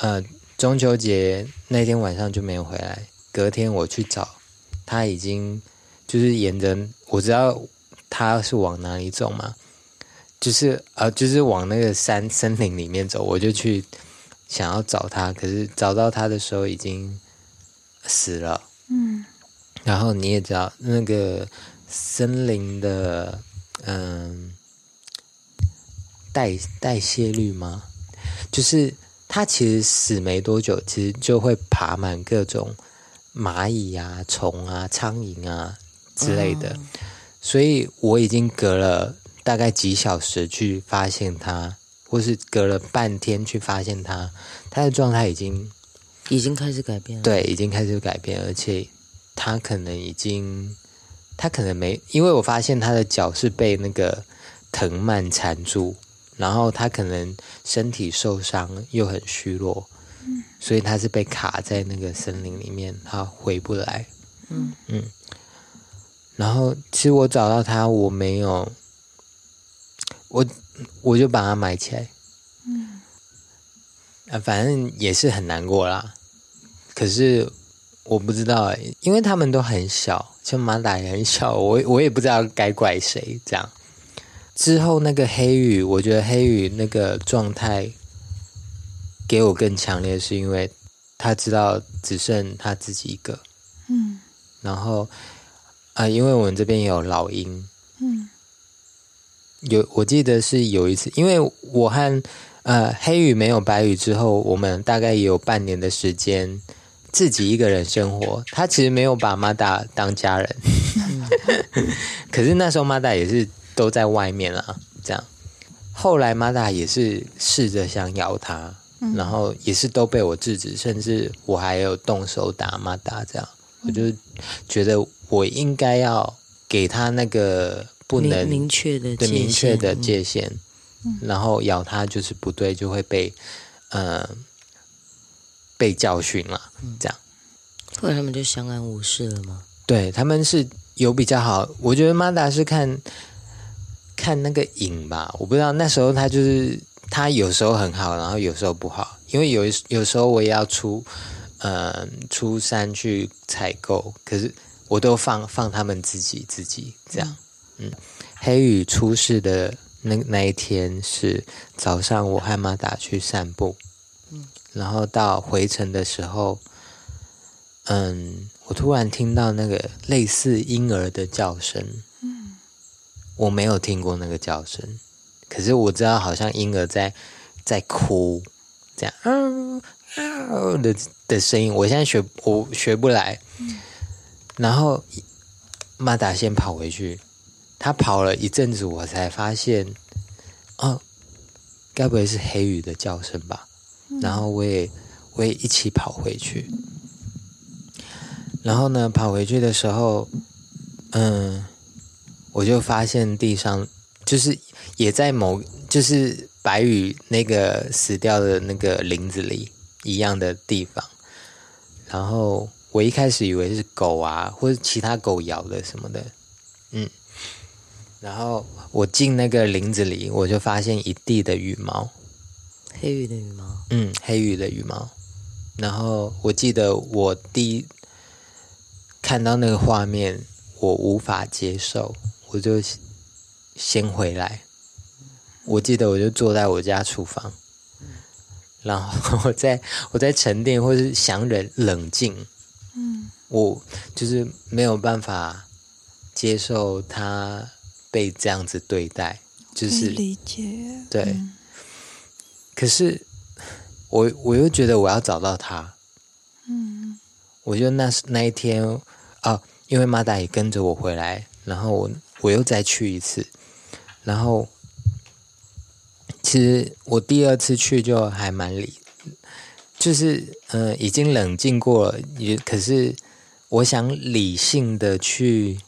呃，中秋節那天晚上就沒有回來。隔天我去找他，已經就是沿着我知道他是往哪裡走嘛，就是呃，就是往那個山森林裡面走，我就去想要找他，可是找到他的時候已經死了。嗯，然後你也知道那個森林的，嗯、呃。代代謝率嗎？就是它其實死沒多久，其實就會爬滿各種螞蟻啊、蟲啊、蒼蠅啊之類的。哦，所以我已經隔了大概幾小時去發現它，或是隔了半天去發現它，它的狀態已經已經開始改變了。對，已經開始改變，而且它可能已經，它可能沒，因為我發現它的腳是被那個藤蔓纏住。然後他可能身體受傷又很虛弱，嗯，所以他是被卡在那個森林裡面，他回不來，嗯嗯。然後其實我找到他，我沒有，我我就把他埋起來，嗯，啊，反正也是很難過啦。可是我不知道哎，因為他們都很小，就馬仔也很小，我我也不知道該怪誰這樣。之後那個黑羽，我覺得黑羽那個狀態給我更強烈，是因為他知道只剩他自己一個。嗯。然後啊、呃，因為我們這邊也有老鷹。嗯。有，我記得是有一次，因為我和呃黑羽沒有白羽之後，我們大概也有半年的時間自己一個人生活。他其實沒有把媽達當家人。 可是那時候媽達也是都在外面了，這樣。後來馬達也是試着想咬他，嗯、然後也是都被我制止，甚至我還有動手打馬達。這樣，嗯、我就覺得我應該要給他那個不能明確的、明確的界限，然後咬他就是不對，就會被嗯、呃、被教訓了。這樣、嗯，後來他們就相安無事了嘛？對他們是有比較好，我覺得馬達是看。看那個影吧，我不知道那時候，他就是他有時候很好，然後有時候不好，因為有有時候我也要出，嗯、呃，出山去採購，可是我都放放他們自己自己這樣，嗯，嗯。黑羽出事的那那一天是早上，我和馬達去散步，嗯，然後到回程的時候，嗯，我突然聽到那個類似嬰兒的叫聲。我沒有聽過那個叫聲，可是我知道好像嬰兒在在哭，這樣啊，啊的的聲音。我現在學我學不來，然後馬達先跑回去，他跑了一陣子，我才發現，哦，該不會是黑羽的叫聲吧？然後我也我也一起跑回去，然後呢，跑回去的時候，嗯。我就發現地上就是也在某就是白羽，那個死掉的那個林子裡一樣的地方，然後我一開始以為是狗啊或者其他狗咬的什麼的，嗯，然後我進那個林子裡，我就發現一地的羽毛，黑羽的羽毛，嗯，黑羽的羽毛，然後我記得我第一看到那個畫面，我無法接受。我就先回來，我記得我就坐在我家廚房，嗯、然後我在我在沉澱，或是想忍冷靜，嗯，我就是沒有辦法接受他被這樣子對待，就是理解，對。嗯、可是我我又覺得我要找到他，嗯，我就那那一天啊，因為媽達也跟着我回來，然後我。我又再去一次，然後其實我第二次去就還蠻理，就是嗯、呃、已經冷靜過了，也，可是我想理性的去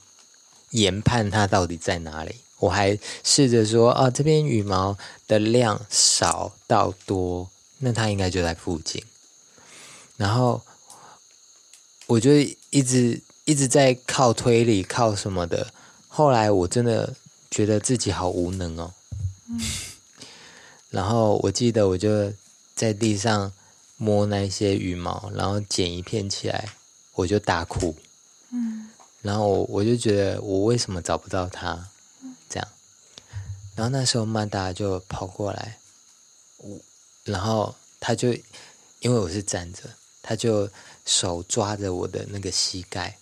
研判它到底在哪裡。我還試着說啊，這邊羽毛的量少到多，那它應該就在附近。然後我就一直一直在靠推理，靠什麼的。後來我真的覺得自己好無能哦，嗯、 然後我記得我就在地上摸那一些羽毛，然後撿一片起來，我就大哭，嗯，然後我我就覺得我為什麼找不到它，這樣，然後那時候曼達就跑過來，我，然後他就因為我是站着，他就手抓着我的那個膝蓋，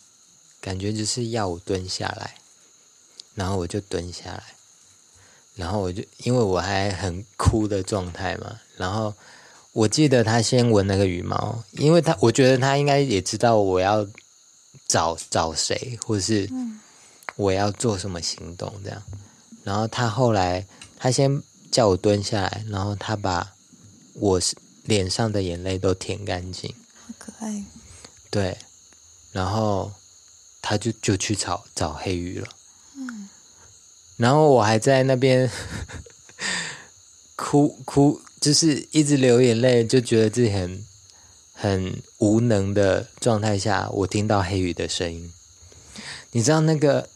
感覺就是要我蹲下來。然後我就蹲下來，然後我就因為我還很哭的狀態嘛，然後我記得他先聞那個羽毛，因為他我覺得他應該也知道我要找找誰，或是我要做什麼行動這樣。然後他後來他先叫我蹲下來，然後他把我臉上的眼淚都舔乾淨，好可愛。對，然後他就就去找找黑羽了。然後我還在那邊呵呵哭哭，就是一直流眼淚，就覺得自己很很無能的狀態下，我聽到黑羽的聲音，你知道那個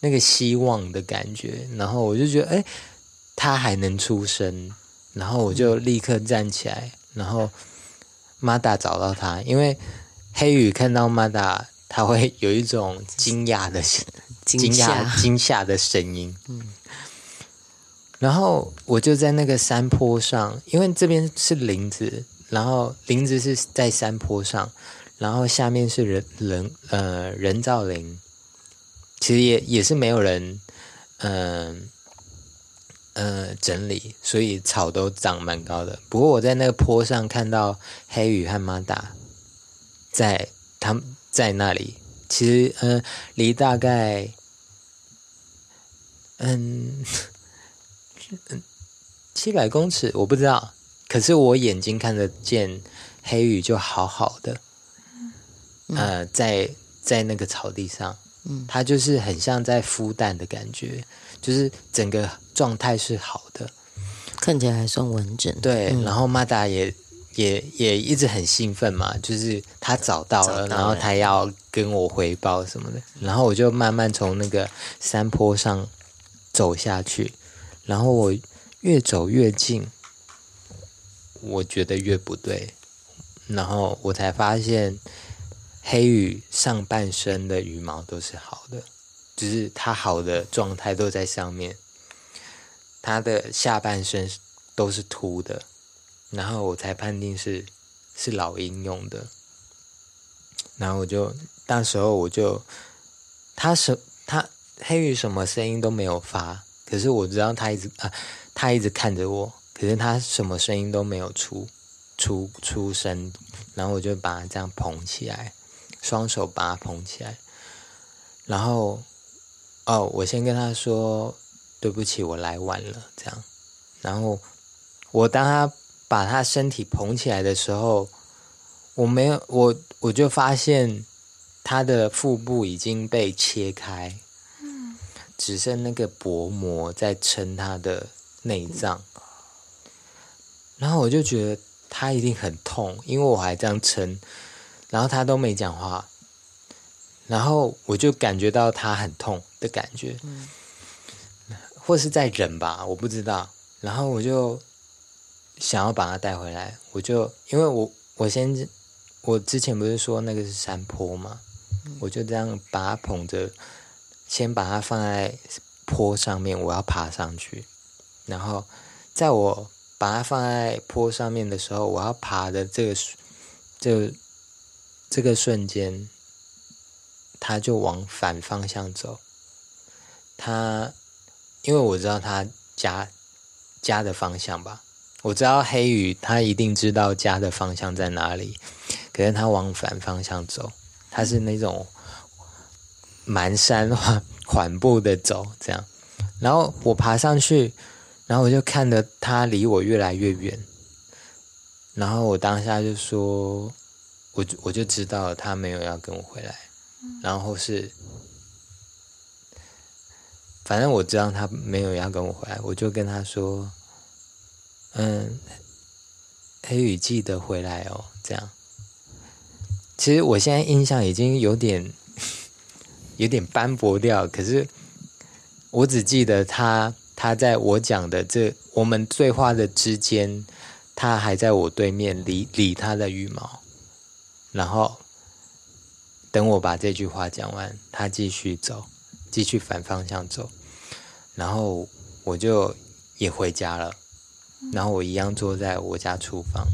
那個希望的感覺，然後我就覺得哎，他還能出聲，然後我就立刻站起來，然後馬達找到他，因為黑羽看到馬達，他會有一種驚訝的。驚嚇、驚嚇的聲音。嗯，然後我就在那個山坡上，因為這邊是林子，然後林子是在山坡上，然後下面是人人呃人造林，其實也也是沒有人，嗯、呃、嗯、呃、整理，所以草都長蠻高的。不過我在那個坡上看到黑羽和瑪達在他們在那裡。其實，嗯、呃，離大概，嗯，嗯，七百公尺，我不知道。可是我眼睛看得見，黑羽就好好的，嗯、呃，在在那個草地上，嗯、它就是很像在孵蛋的感覺，就是整個狀態是好的，看起來還算完整。對，嗯、然後馬達也。也也一直很興奮嘛，就是他找到了，到了，然後他要跟我回報什麼的，然後我就慢慢從那個山坡上走下去，然後我越走越近，我覺得越不對，然後我才發現黑羽上半身的羽毛都是好的，就是它好的狀態都在上面，它的下半身都是禿的。然後我才判定是是老鷹用的。然後我就那時候我就，他什他黑羽什麼聲音都沒有發，可是我知道他一直啊，他一直看着我，可是他什麼聲音都沒有出出出聲。然後我就把他這樣捧起來，雙手把它捧起來。然後哦，我先跟他說對不起，我來晚了這樣。然後我當他。把他身體捧起來的時候，我沒有我我就發現他的腹部已經被切開，嗯，只剩那個薄膜在撐他的內臟，嗯，然後我就覺得他一定很痛，因為我還這樣撐，然後他都沒講話，然後我就感覺到他很痛的感覺，嗯，或是在忍吧，我不知道，然後我就。想要把它帶回來，我就因為我我先我之前不是說那個是山坡嘛，我就這樣把它捧着，先把它放在坡上面，我要爬上去。然後在我把它放在坡上面的時候，我要爬的這個就、這個、這個瞬間，它就往反方向走。它因為我知道它家家的方向吧。我知道黑羽他一定知道家的方向在哪裡，可是他往反方向走，他是那種滿山緩緩步的走，這樣。然後我爬上去，然後我就看着他離我越來越遠，然後我當下就說，我我就知道他沒有要跟我回來，然後是，反正我知道他沒有要跟我回來，我就跟他說。嗯，黑羽記得回來哦。這樣，其實我現在印象已經有點有點斑駁掉。可是，我只記得他，他在我講的這我們對話的之間，他還在我對面理理他的羽毛，然後等我把這句話講完，他繼續走，繼續反方向走，然後我就也回家了。然後我一樣坐在我家廚房，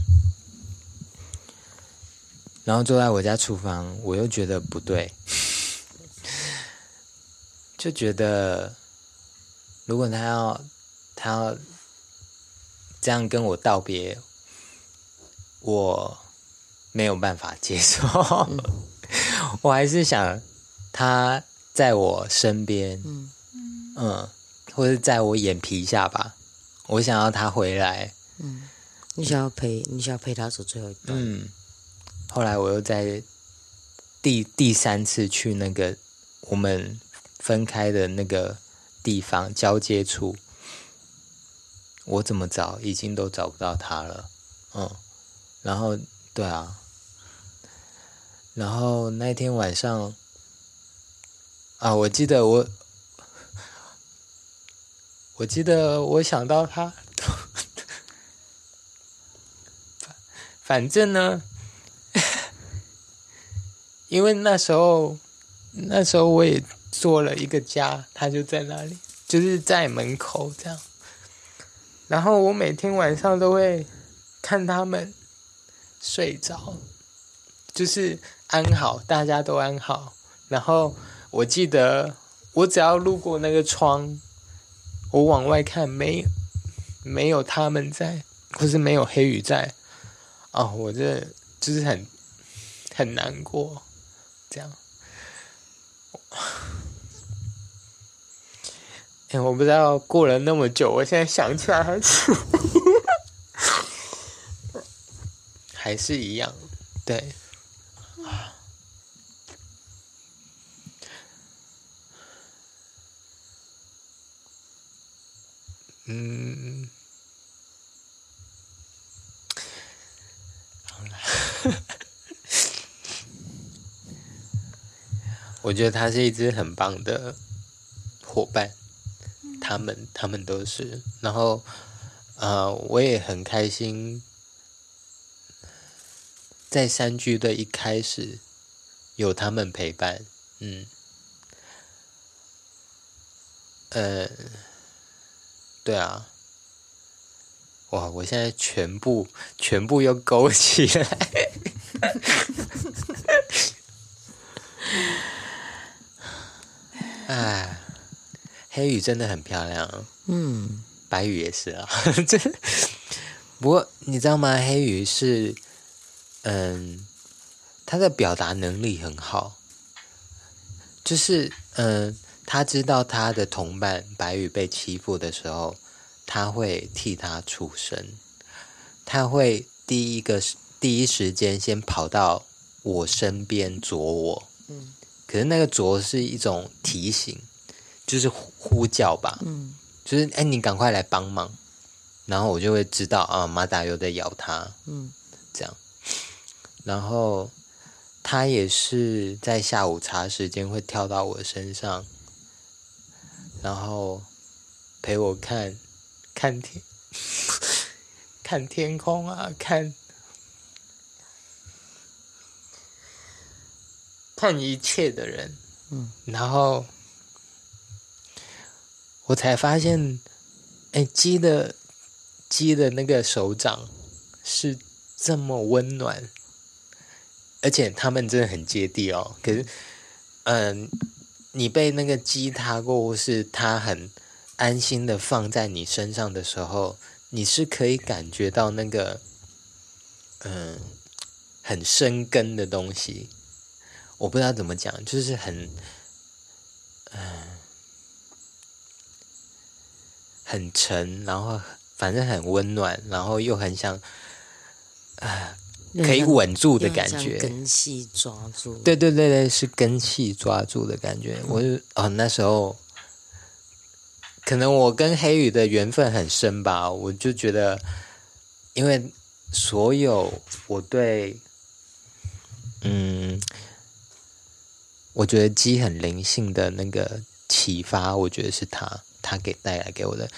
然後坐在我家廚房，我又覺得不對， 就覺得如果他要他要這樣跟我道別，我沒有辦法接受， 我還是想他在我身邊，嗯，嗯，或者在我眼皮下吧。我想要他回來。嗯，你想要陪，你想要陪他走最後一段。嗯，後來我又在第第三次去那個我們分開的那個地方交接處，我怎麼找已經都找不到他了。嗯，然後對啊，然後那天晚上啊，我記得我。我記得我想到他， 反正呢，因為那時候那時候我也做了一個家，他就在那裡，就是在門口這樣。然後我每天晚上都會看他們睡着，就是安好，大家都安好。然後我記得我只要路過那個窗。我往外看，沒沒有他們在，或是沒有黑羽在，啊、哦，我這就是很很難過，這樣。哎、欸，我不知道過了那麼久，我現在想起來還是， 還是一樣，對。嗯，好啦， 我覺得他是一只很棒的夥伴，嗯、他們他們都是，然後啊、呃，我也很開心，在山居的一開始有他們陪伴，嗯，呃。對啊，哇！我現在全部全部又勾起來，哎， 黑羽真的很漂亮，嗯，白羽也是啊，這 不過你知道嗎？黑羽是，嗯、呃，他的表達能力很好，就是嗯。呃他知道他的同伴白羽被欺負的時候，他會替他出聲，他會第一個第一時間先跑到我身邊啄我。嗯。可是那個啄是一種提醒，就是呼叫吧。嗯。就是哎、欸，你趕快來幫忙，然後我就會知道啊，馬達又在咬他。嗯。這樣，然後他也是在下午茶時間會跳到我身上。然後陪我看，看天，呵呵，看天空啊，看看一切的人。嗯，然後我才發現，哎，雞的雞的那個手掌是這麼溫暖，而且他們真的很接地哦。可是，嗯。你被那個雞踏過，或是它很安心的放在你身上的時候，你是可以感覺到那個，嗯、呃，很深根的東西。我不知道怎麼講，就是很，嗯、呃，很沉，然後反正很溫暖，然後又很想，啊、呃。可以穩住的感覺，根系抓住。對對對對，是根系抓住的感覺。嗯、我就哦，那時候，可能我跟黑羽的緣分很深吧。我就覺得，因為所有我對，嗯，我覺得雞很靈性的那個啟發，我覺得是他他給帶來給我的。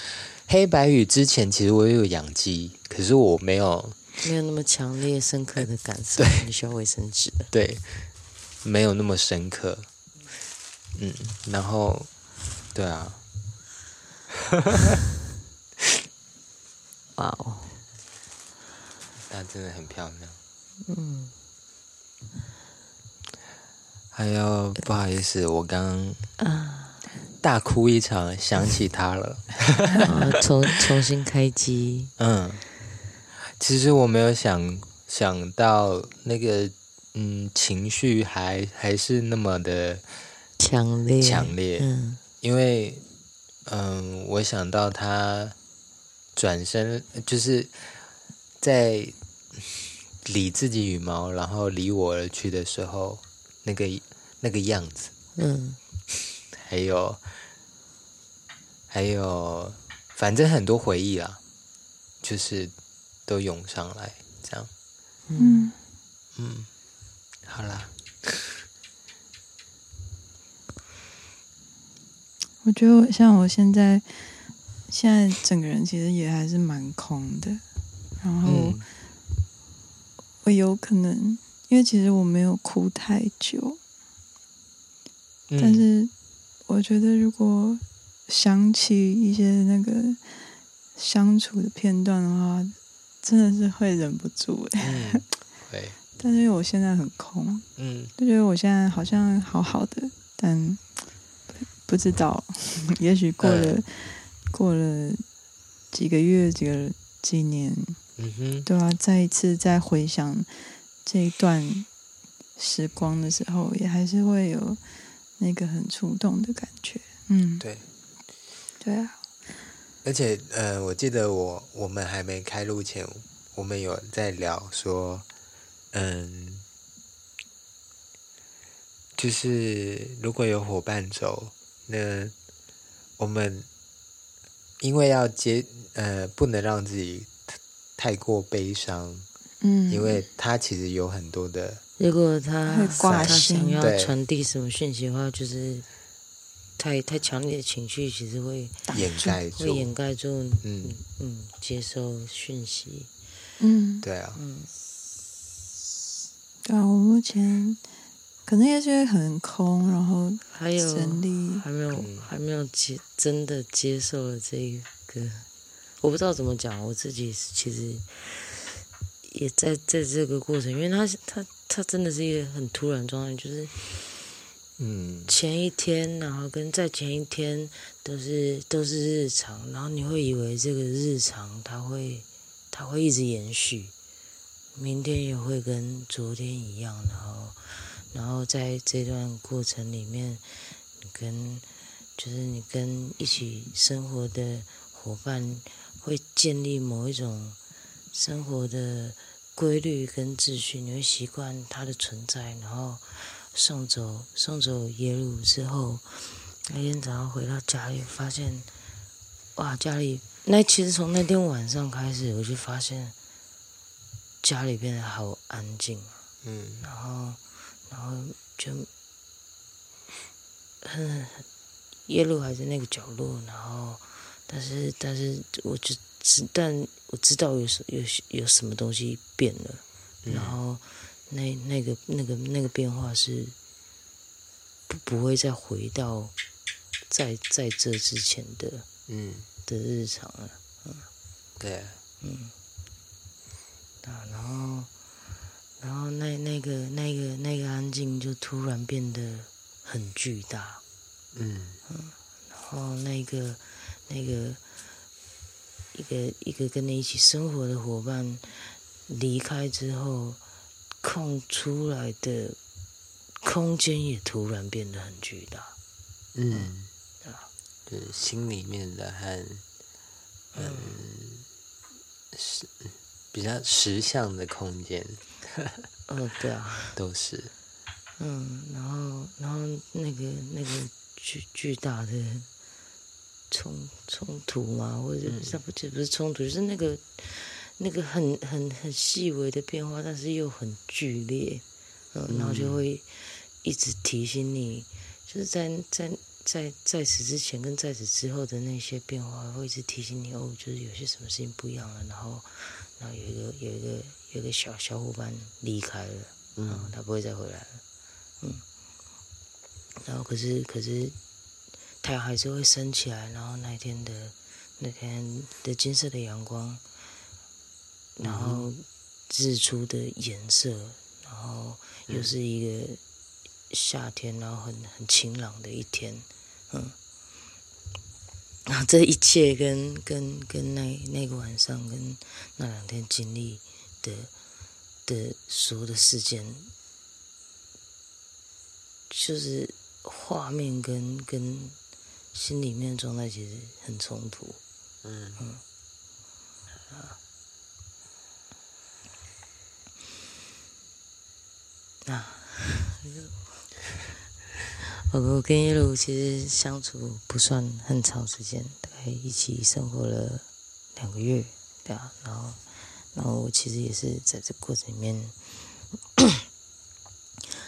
黑白羽之前其實我也有養雞，可是我沒有。沒有那麼強烈、深刻的感受，欸、你需要衛生紙。對，沒有那麼深刻。嗯，然後，對啊。 哇哦！但真的很漂亮。嗯。還有，不好意思，我剛啊大哭一場，想起他了。 哦、重重新開機。嗯。其實我沒有想想到那個，嗯，情緒還還是那麼的強烈強烈，嗯，因為，嗯，我想到他轉身就是在理自己羽毛，然後離我而去的時候，那個那個樣子，嗯，還有還有，反正很多回憶啊，就是。都湧上來，這樣。嗯，嗯，好啦。我覺得我像我現在，現在整個人其實也還是蠻空的。然後，嗯、我有可能因為其實我沒有哭太久，嗯、但是我覺得如果想起一些那個相處的片段的話。真的是會忍不住哎、欸，嗯、但是因為我現在很空，嗯，就覺得我現在好像好好的，但不知道，也許過了、嗯、過了幾個月、幾個幾年，嗯哼，對啊，再一次再回想這一段時光的時候，也還是會有那個很觸動的感覺，嗯，對，對啊。而且，呃，我記得我我們還沒開錄前，我們有在聊說，嗯，就是如果有夥伴走，那我們因為要接，呃，不能讓自己太，太過悲傷，嗯，因為他其實有很多的，如果他掛心，要傳遞什麼訊息的話，對就是。太太強烈的情緒其實會掩蓋，就會掩蓋住，嗯嗯，接受訊息，嗯，對啊，嗯，對啊，我目前可能也是很空，然後還有能力，還沒有還沒有接真的接受了這個，我不知道怎麼講，我自己其實也在在這個過程，因為他他他真的是一個很突然狀態，就是。嗯，前一天，然後跟再前一天都是都是日常，然後你會以為這個日常它會它會一直延續，明天也會跟昨天一樣，然後然後在這段過程裡面，你跟就是你跟一起生活的夥伴會建立某一種生活的規律跟秩序，你會習慣它的存在，然後。送走送走耶魯之後，那天早上回到家裡，發現，哇，家裡那其實從那天晚上開始，我就發現家裡變得好安靜。嗯，然後，然後就，嗯、耶魯還在那個角落，然後，但是但是我就知，但我知道有什有有什麼東西變了，嗯、然後。那那個那個那個變化是不不會再回到在在這之前的嗯的日常了，對，嗯對，嗯啊，然後然後那那個那個那個安靜就突然變得很巨大，嗯嗯，然後那個那個一個一個跟你一起生活的夥伴離開之後。空出來的空間也突然變得很巨大。嗯，啊吧，對，心裡面的很。嗯是、嗯、比較實相的空間。嗯、 哦，對啊，都是。嗯，然後，然後那個那個巨 巨大的衝衝突嘛，或者是不、嗯、不是衝突，就是那個。嗯那個很很很細微的變化，但是又很劇烈、呃，然後就會一直提醒你，就是在在在在此之前跟在此之後的那些變化，會一直提醒你哦，就是有些什麼事情不一樣了。然後，然後有一個有一個有一個小小伙伴離開了，嗯、呃，他不會再回來了，嗯。然後可是可是太陽還是會升起來，然後那天的那天的金色的陽光。然後日出的顏色，然後又是一個夏天，然後很很晴朗的一天，嗯，然後這一切跟跟跟那那個晚上跟那兩天經歷的的所有的事件，就是畫面跟跟心裡面狀態其實很衝突，嗯嗯啊。 我跟耶魯其實相處不算很長時間，大概一起生活了兩個月，對啊，然後，然後我其實也是在這過程裡面，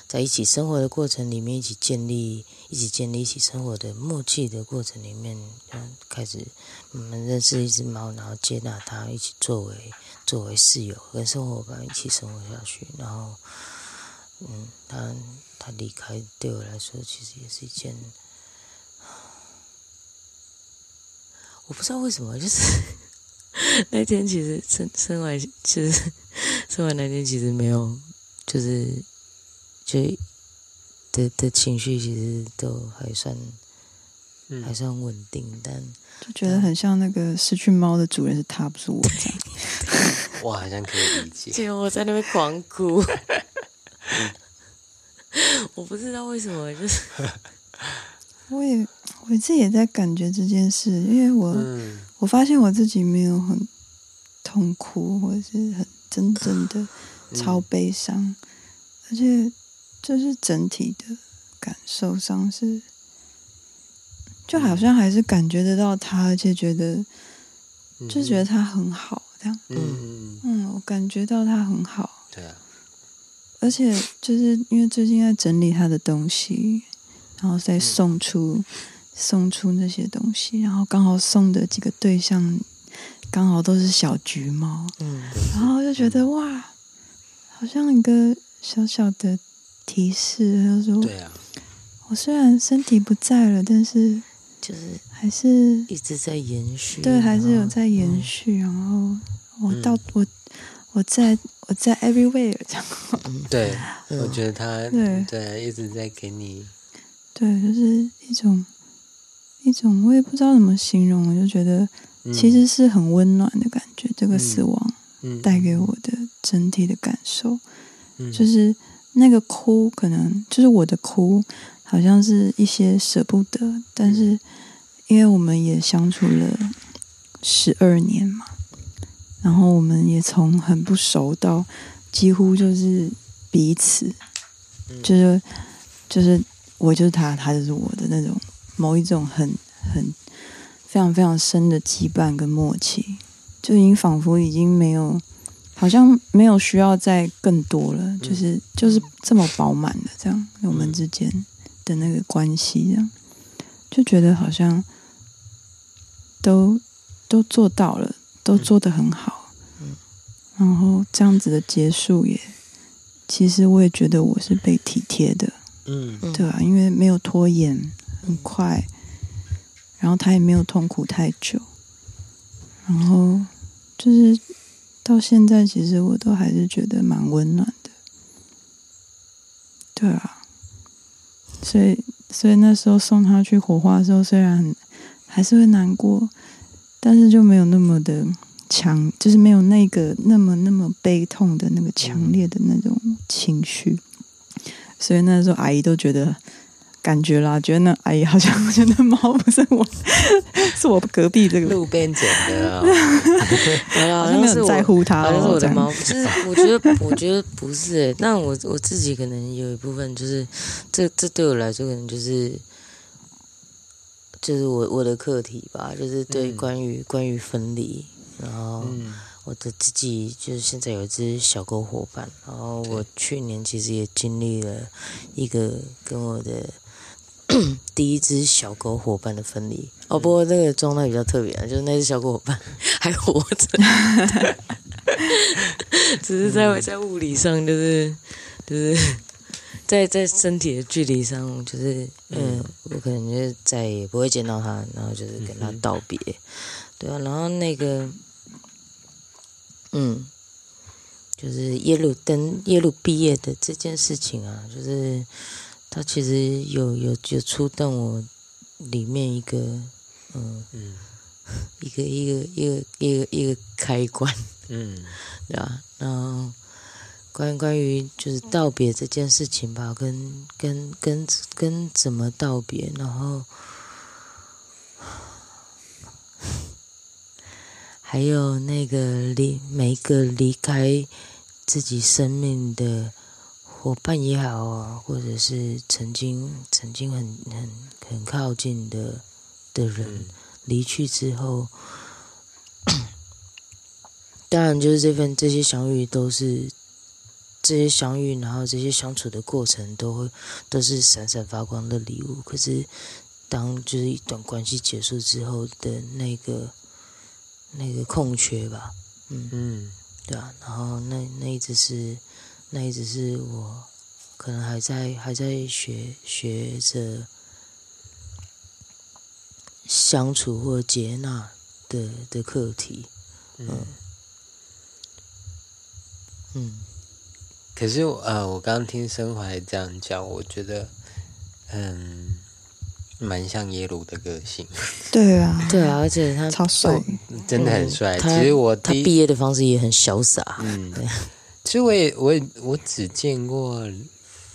在一起生活的過程裡面，一起建立、一起建立一起生活的默契的過程裡面，開始我們認識一隻貓，然後接納它，一起作為作為室友跟生活夥伴一起生活下去，然後。嗯，他他離開對我來說，其實也是一件，我不知道為什麼，就是 那天其實生生完，其實生完那天其實沒有，就是就的的情緒其實都還算，嗯、還算穩定，但就覺得很像那個失去貓的主人是他，不是我這樣。我， 好像可以理解。結果我在那邊狂哭。 我不知道為什麼，就是 我也我自己也在感覺這件事，因為我、嗯、我發現我自己沒有很痛苦，或者是很真正的超悲傷，嗯、而且就是整體的感受上是，就好像還是感覺得到他，而且覺得就覺得他很好這樣，嗯嗯，我感覺到他很好，對啊、嗯。嗯而且就是因為最近在整理他的東西，然後再送出、嗯、送出那些東西，然後剛好送的幾個對象剛好都是小橘貓，嗯，然後就覺得、嗯、哇，好像一個小小的提示，他、就是、說，對啊，我雖然身體不在了，但是，是就是還是一直在延續，對，然後還是有在延續。嗯、然後我到我我在。在 everywhere 講過，對，嗯、我覺得他，對,對，一直在給你，對，就是一種，一種，我也不知道怎麼形容，我就覺得，其實是很溫暖的感覺。嗯、這個死亡帶給我的整體的感受，嗯、就是那個哭，可能就是我的哭，好像是一些捨不得，但是因為我們也相處了十二年嘛。然後我們也從很不熟到幾乎就是彼此，就是就是我就是他，他就是我的那種某一種很很非常非常深的羈絆跟默契，就已經仿佛已經沒有，好像沒有需要再更多了，就是就是這麼飽滿的這樣我們之間的那個關係，這樣就覺得好像都都做到了。都做得很好，嗯，然後這樣子的結束也，其實我也覺得我是被體貼的，嗯，對啊，因為沒有拖延，很快，然後他也沒有痛苦太久，然後就是到現在，其實我都還是覺得蠻溫暖的，對啊，所以所以那時候送他去火化的時候，雖然還是會難過。但是就沒有那麼的強，就是沒有那個那麼那麼悲痛的那個強烈的那種情緒，所以那時候阿姨都覺得，感覺啦，覺得那阿姨好像覺得貓不是我，是我隔壁這個路邊撿的，沒有在乎它，但、啊、是，是我的貓。不、就是。我覺得，我覺得不是、欸，那 我我自己可能有一部分，就是這這對我來說可能就是。就是我我的課題吧，就是對關於、嗯、關於分離，然後我的自己就是現在有一隻小狗伙伴，然後我去年其實也經歷了一個跟我的、嗯、第一隻小狗伙伴的分離，哦、嗯 oh, 不過那個狀態比較特別、啊，就是那隻小狗伙伴還活着 只是在在物理上就是就是。在在身體的距離上，就是嗯、呃，我可能就再也不會見到他，然後就是跟他道別，嗯、哼對啊。然後那個，嗯，就是耶魯登耶魯畢業的這件事情啊，就是他其實有有就觸動我裡面一個嗯，嗯一，個一個一個一個一個一個開關，嗯，對吧、啊？然後。關關於就是道別這件事情吧，跟跟跟跟怎麼道別，然後還有那個離每一個離開自己生命的伙伴也好啊，或者是曾經曾經很很很靠近的的人離去之後，嗯、當然就是這份這些相遇都是。這些相遇，然後這些相處的過程，都會都是閃閃發光的禮物。可是，當就是一段關係結束之後的那個那個空缺吧，嗯，嗯。對啊，然後那那一直是那一直是我可能還在還在學學着相處或接納的的課題，嗯、就是、嗯。嗯可是，呃，我剛剛聽森淮這樣講，我覺得，嗯，蠻像耶魯的個性。對啊， 對啊，而且他超帥，哦，真的很帥。其實我他畢業的方式也很瀟灑。嗯，對。其實我也，我也，我只見過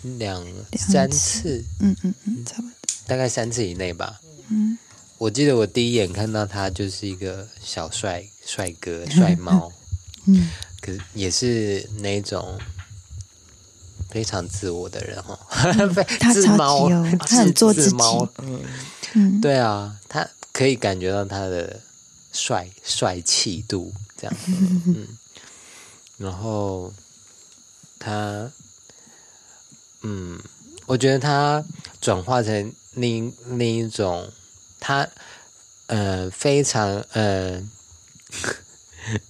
兩,兩次三次，嗯嗯嗯，差不多，嗯，大概三次以內吧。嗯。我記得我第一眼看到他就是一個小帥帥哥、帥貓。嗯。嗯可是也是那種。非常自我的人、嗯、貓他超級哦，自他很做自,自己、嗯嗯、對啊，他可以感覺到他的帥帥氣度這樣子。嗯,哼哼嗯，然後他，嗯，我覺得他轉化成另另一種，他呃非常呃。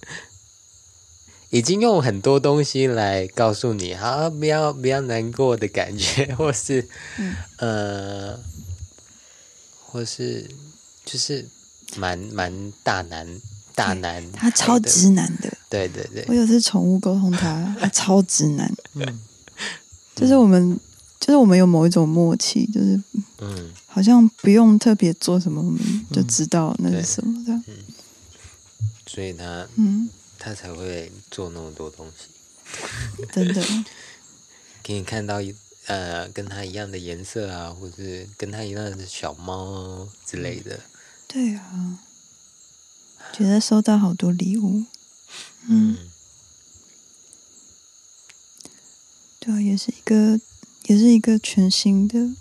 已經用很多東西來告訴你，好、啊、不要不要難過的感覺，或是，嗯、呃，或是就是蠻蠻大男大男，他超直男的，對對對，我有隻寵物溝通他，他超直男。 嗯、就是我們就是我們有某一種默契，就是嗯，好像不用特別做什麼，我們就知道那個什麼的。嗯，所以他嗯。他才會做那麼多東西，等等。給你看到一呃、跟他一樣的顏色啊，或者是跟他一樣的小貓之類的，對啊，覺得收到好多禮物，嗯，嗯對啊，也是一個，也是一個全新的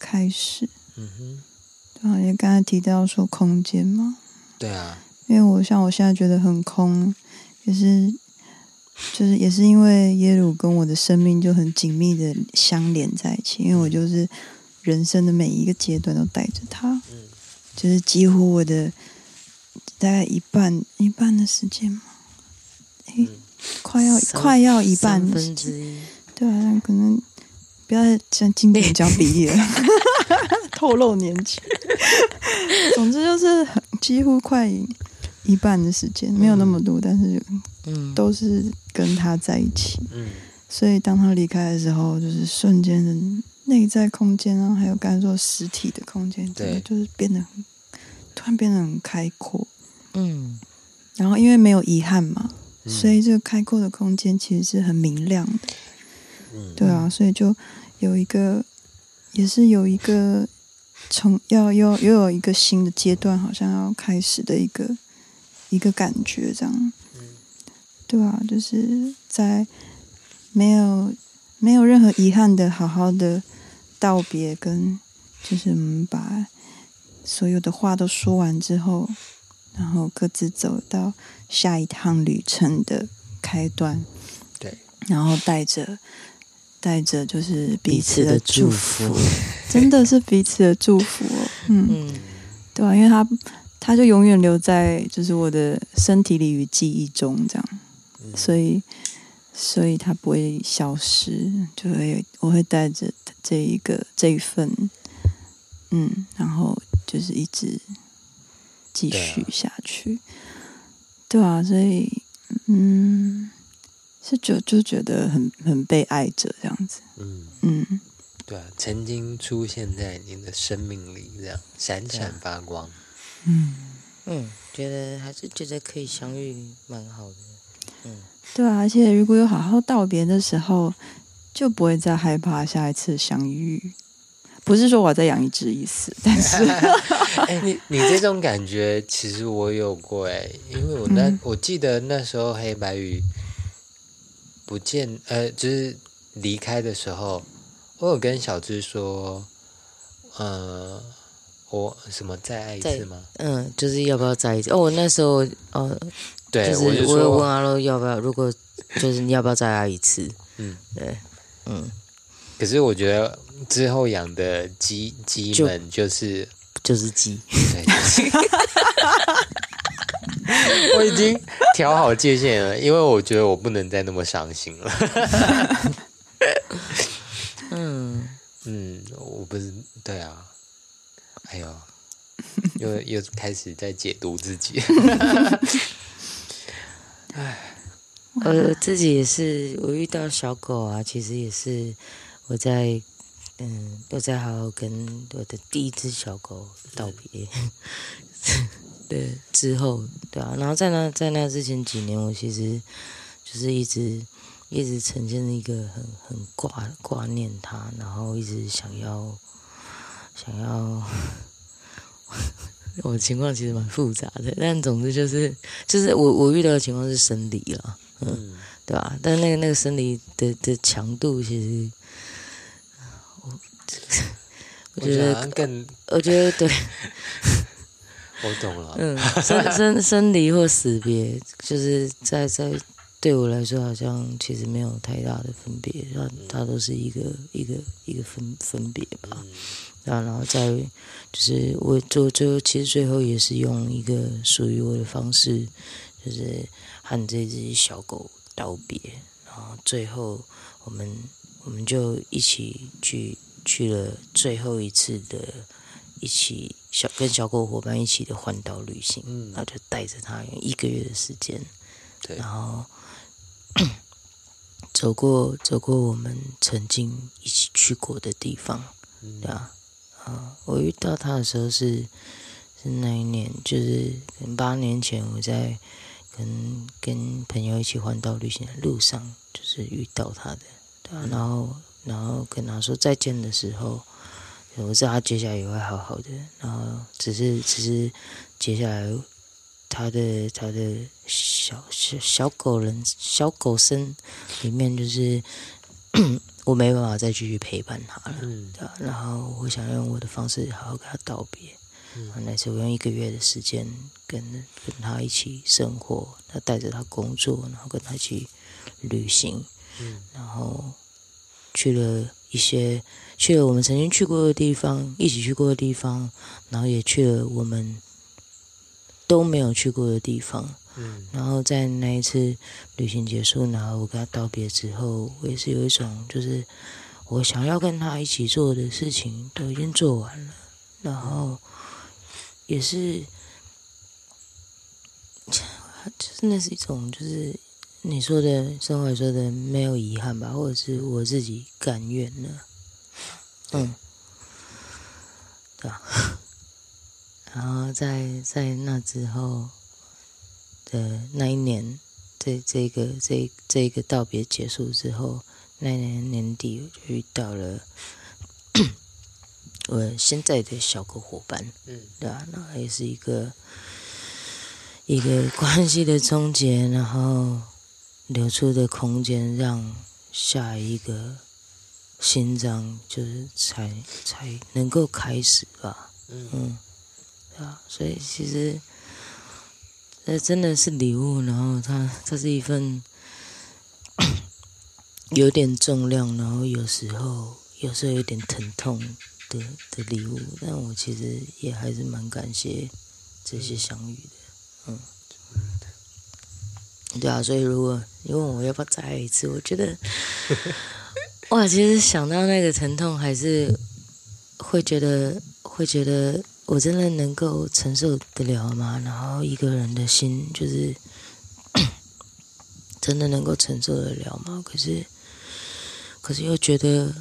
開始，嗯哼，就好像剛才提到說空間嘛，對啊，因為我像我現在覺得很空。就是，就是，也是因為耶魯跟我的生命就很緊密的相連在一起，因為我就是人生的每一個階段都帶着它。嗯、就是幾乎我的大概一半一半的時間嘛，嗯、欸，快要三快要一半的時間。三分之一。對啊，可能不要像今年講比例了，欸、 透露年紀， 總之就是幾乎快一半的時間沒有那麼多，嗯、但是都是跟他在一起，嗯、所以當他離開的時候，就是瞬間的內在空間啊，還有剛才說實體的空間，對、這個就是變得突然變得很開闊。嗯，然後因為沒有遺憾嘛，嗯、所以這個開闊的空間其實是很明亮的。嗯、對啊，所以就有一個，也是有一個從要又又有一個新的階段，好像要開始的一個。一個感覺，這樣，嗯，對啊，就是在沒有沒有任何遺憾的，好好的道別跟，跟就是我們把所有的話都說完之後，然後各自走到下一趟旅程的開端，對，然後帶着帶着就是彼此的祝福，的祝福 真的是彼此的祝福哦，嗯，嗯，對啊，因為他。他就永遠留在，就是我的身體裡與記憶中這樣，嗯、所以，所以他不會消失，就會我會帶着這一個這一份，嗯，然後就是一直繼續下去。對啊，對啊，所以，嗯，是就就覺得很很被愛着這樣子，嗯嗯，嗯對啊，曾經出現在您的生命裡，這樣閃閃發光。嗯嗯，覺得還是覺得可以相遇，蠻好的。嗯、對啊，而且如果有好好道別的時候，就不會再害怕下一次相遇。不是說我再養一隻一思，但是，哎、 欸，你你這種感覺，其實我有過哎、欸，因為我那、嗯、我記得那時候黑白魚不見，呃，就是離開的時候，我有跟小芝說，嗯、呃。我、oh, 什麼再愛一次嗎？嗯，就是要不要再一次？哦，我那時候，哦、oh,，對，就是我有問阿洛要不要， 如果就是你要不要再愛一次？嗯，對，嗯。可是我覺得之後養的雞雞們就是就，就是雞，對，我已經調好界限了，因為我覺得我不能再那麼傷心了。 嗯嗯，我不是對啊。哎呦，又又開始在解讀自己。哎，我自己也是，我遇到小狗啊，其實也是我在嗯，我在好好跟我的第一隻小狗道別。是 對，之後對啊，然後在那在那之前幾年，我其實就是一直一直呈現了一個很很掛掛念它，然後一直想要。然後，我，我的情況其實蠻複雜的，但總之就是，就是我我遇到的情況是生離了，嗯，嗯對吧？但那個那個生離的的強度，其實，我，我覺得我更我，我覺得對，我懂了。嗯，生生生離或死別，就是在在對我來說，好像其實沒有太大的分別，它它都是一個、嗯、一個一個分分別吧。嗯啊、然後，在，就是我做最後，其實最後也是用一個屬於我的方式，就是和這隻小狗道別。然後最後，我們我們就一起去去了最後一次的，一起小跟小狗夥伴一起的環島旅行。嗯、然後就帶着它用一個月的時間，對，然後走過走過我們曾經一起去過的地方，嗯、對啊。我遇到他的時候是是那一年，就是八年前，我在跟跟朋友一起環島旅行的路上，就是遇到他的，然後然後跟他說再見的時候，我知道他接下來也會好好的，然後只是只是接下來他的他的小小小狗人小狗生裡面就是。我沒辦法再繼續陪伴他了，嗯、然後我想用我的方式好好跟他道別。嗯、那次我用一個月的時間跟，跟他一起生活，他帶着他工作，然後跟他一起旅行，嗯、然後去了一些去了我們曾經去過的地方，一起去過的地方，然後也去了我們都沒有去過的地方。嗯、然後在那一次旅行結束，然後我跟他道別之後，我也是有一種，就是我想要跟他一起做的事情都已經做完了，然後也是，就是那是一種，就是你說的，生活說的沒有遺憾吧，或者是我自己甘願了，嗯，對 啊然後在在那之後。的那一年，在這個這個這個道別結束之後，那一年年底我就遇到了 我現在的小狗伙伴，嗯，對啊，那也是一個一個關係的終結，然後留出的空間，讓下一個心臟就是才才能夠開始吧。嗯，嗯，對啊，所以其實。這真的是禮物，然後它它是一份 有點重量，然後有時候有時候有點疼痛的的禮物，但我其實也還是蠻感謝這些相遇的，嗯，對啊，所以如果你問我要不要再愛一次，我覺得， 哇，其實想到那個疼痛，還是會覺得會覺得。我真的能夠承受得了嗎？然後一個人的心，就是 真的能夠承受得了嗎？可是，可是又覺得，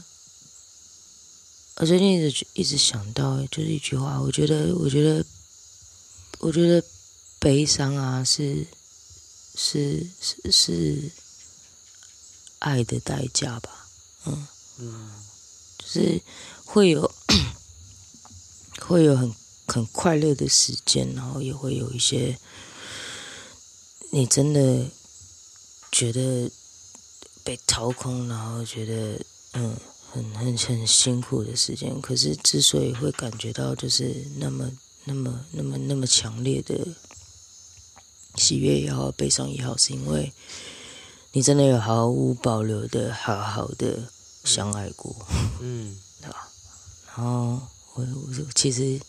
我最近一直一直想到，就是一句話，我覺得，我覺得，我覺得悲傷啊是，是是是是愛的代價吧，嗯，嗯，就是會有。 會有很很快樂的時間，然後也會有一些你真的覺得被掏空，然後覺得嗯，很很很辛苦的時間。可是之所以會感覺到就是那麼那麼那麼那麼，那麼強烈的喜悅也好，悲傷也好，是因為你真的有毫無保留的好好的相愛過，嗯， 對吧？嗯，然後。我我其實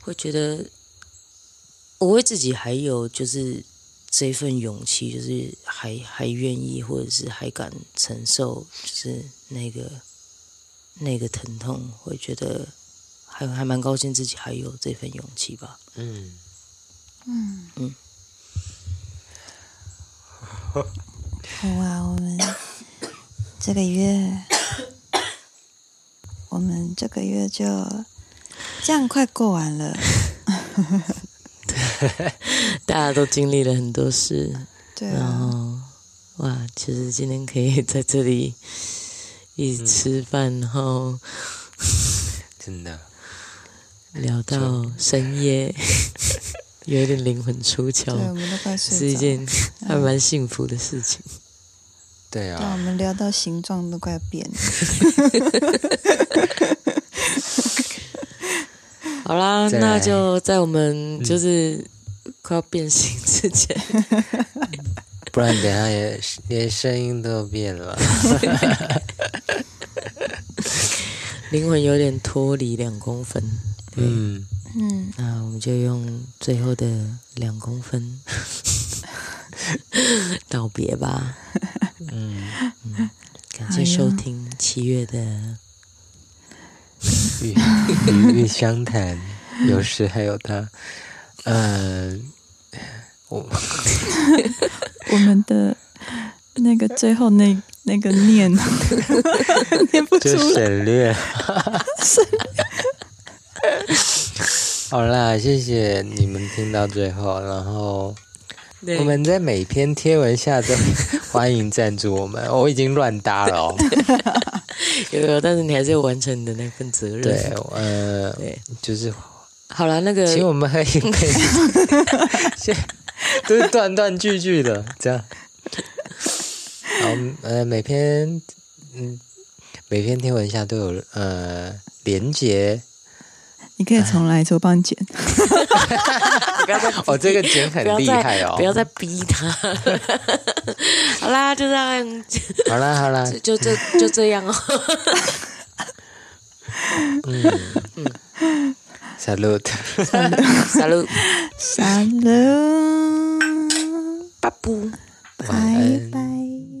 會覺得，我為自己還有就是這份勇氣，就是還還願意，或者是還敢承受，就是那個那個疼痛，我覺得還還蠻高興自己還有這份勇氣吧。嗯嗯嗯。嗯 哇，我們這個月。我們這個月就這樣快過完了，對 大家都經歷了很多事，對、啊，然後哇，其、就、實、是、今天可以在這裡一起吃飯，嗯、然後真的 聊到深夜， 有點靈魂出竅，對，我們都快睡著了，是一件還蠻幸福的事情。嗯對啊，對，我們聊到形狀都快要變 好啦，對那就在我們就是快要變形之前，嗯、不然等下也連聲音都變了，靈 魂有點脫離兩公分。嗯嗯，那我們就用最後的兩公分。 道別吧，嗯。嗯，感謝收聽七月的呀餘、餘域相談，有時還有祂。嗯、呃，我我們的那個最後那那個念念不出，就省略。 好啦，謝謝你們聽到最後，然後。對我們在每篇貼文下都歡迎贊助我們，我、 哦、已經亂搭了哦。有有，但是你還是要完成你的那份責任。對，呃，對，就是好了，那個，其實我們還 都是斷斷續續的這樣。好，呃，每篇嗯，每篇貼文下都有呃連結。你可以從來，就幫你剪。啊、 不要再我、哦、這個剪很厲害哦，不！不要再逼他。 好啦，就這樣。好啦，好啦，就這就，就這樣哦。 嗯嗯 s a l u 嗯嗯嗯 l u t s a l u t s a l 拜拜。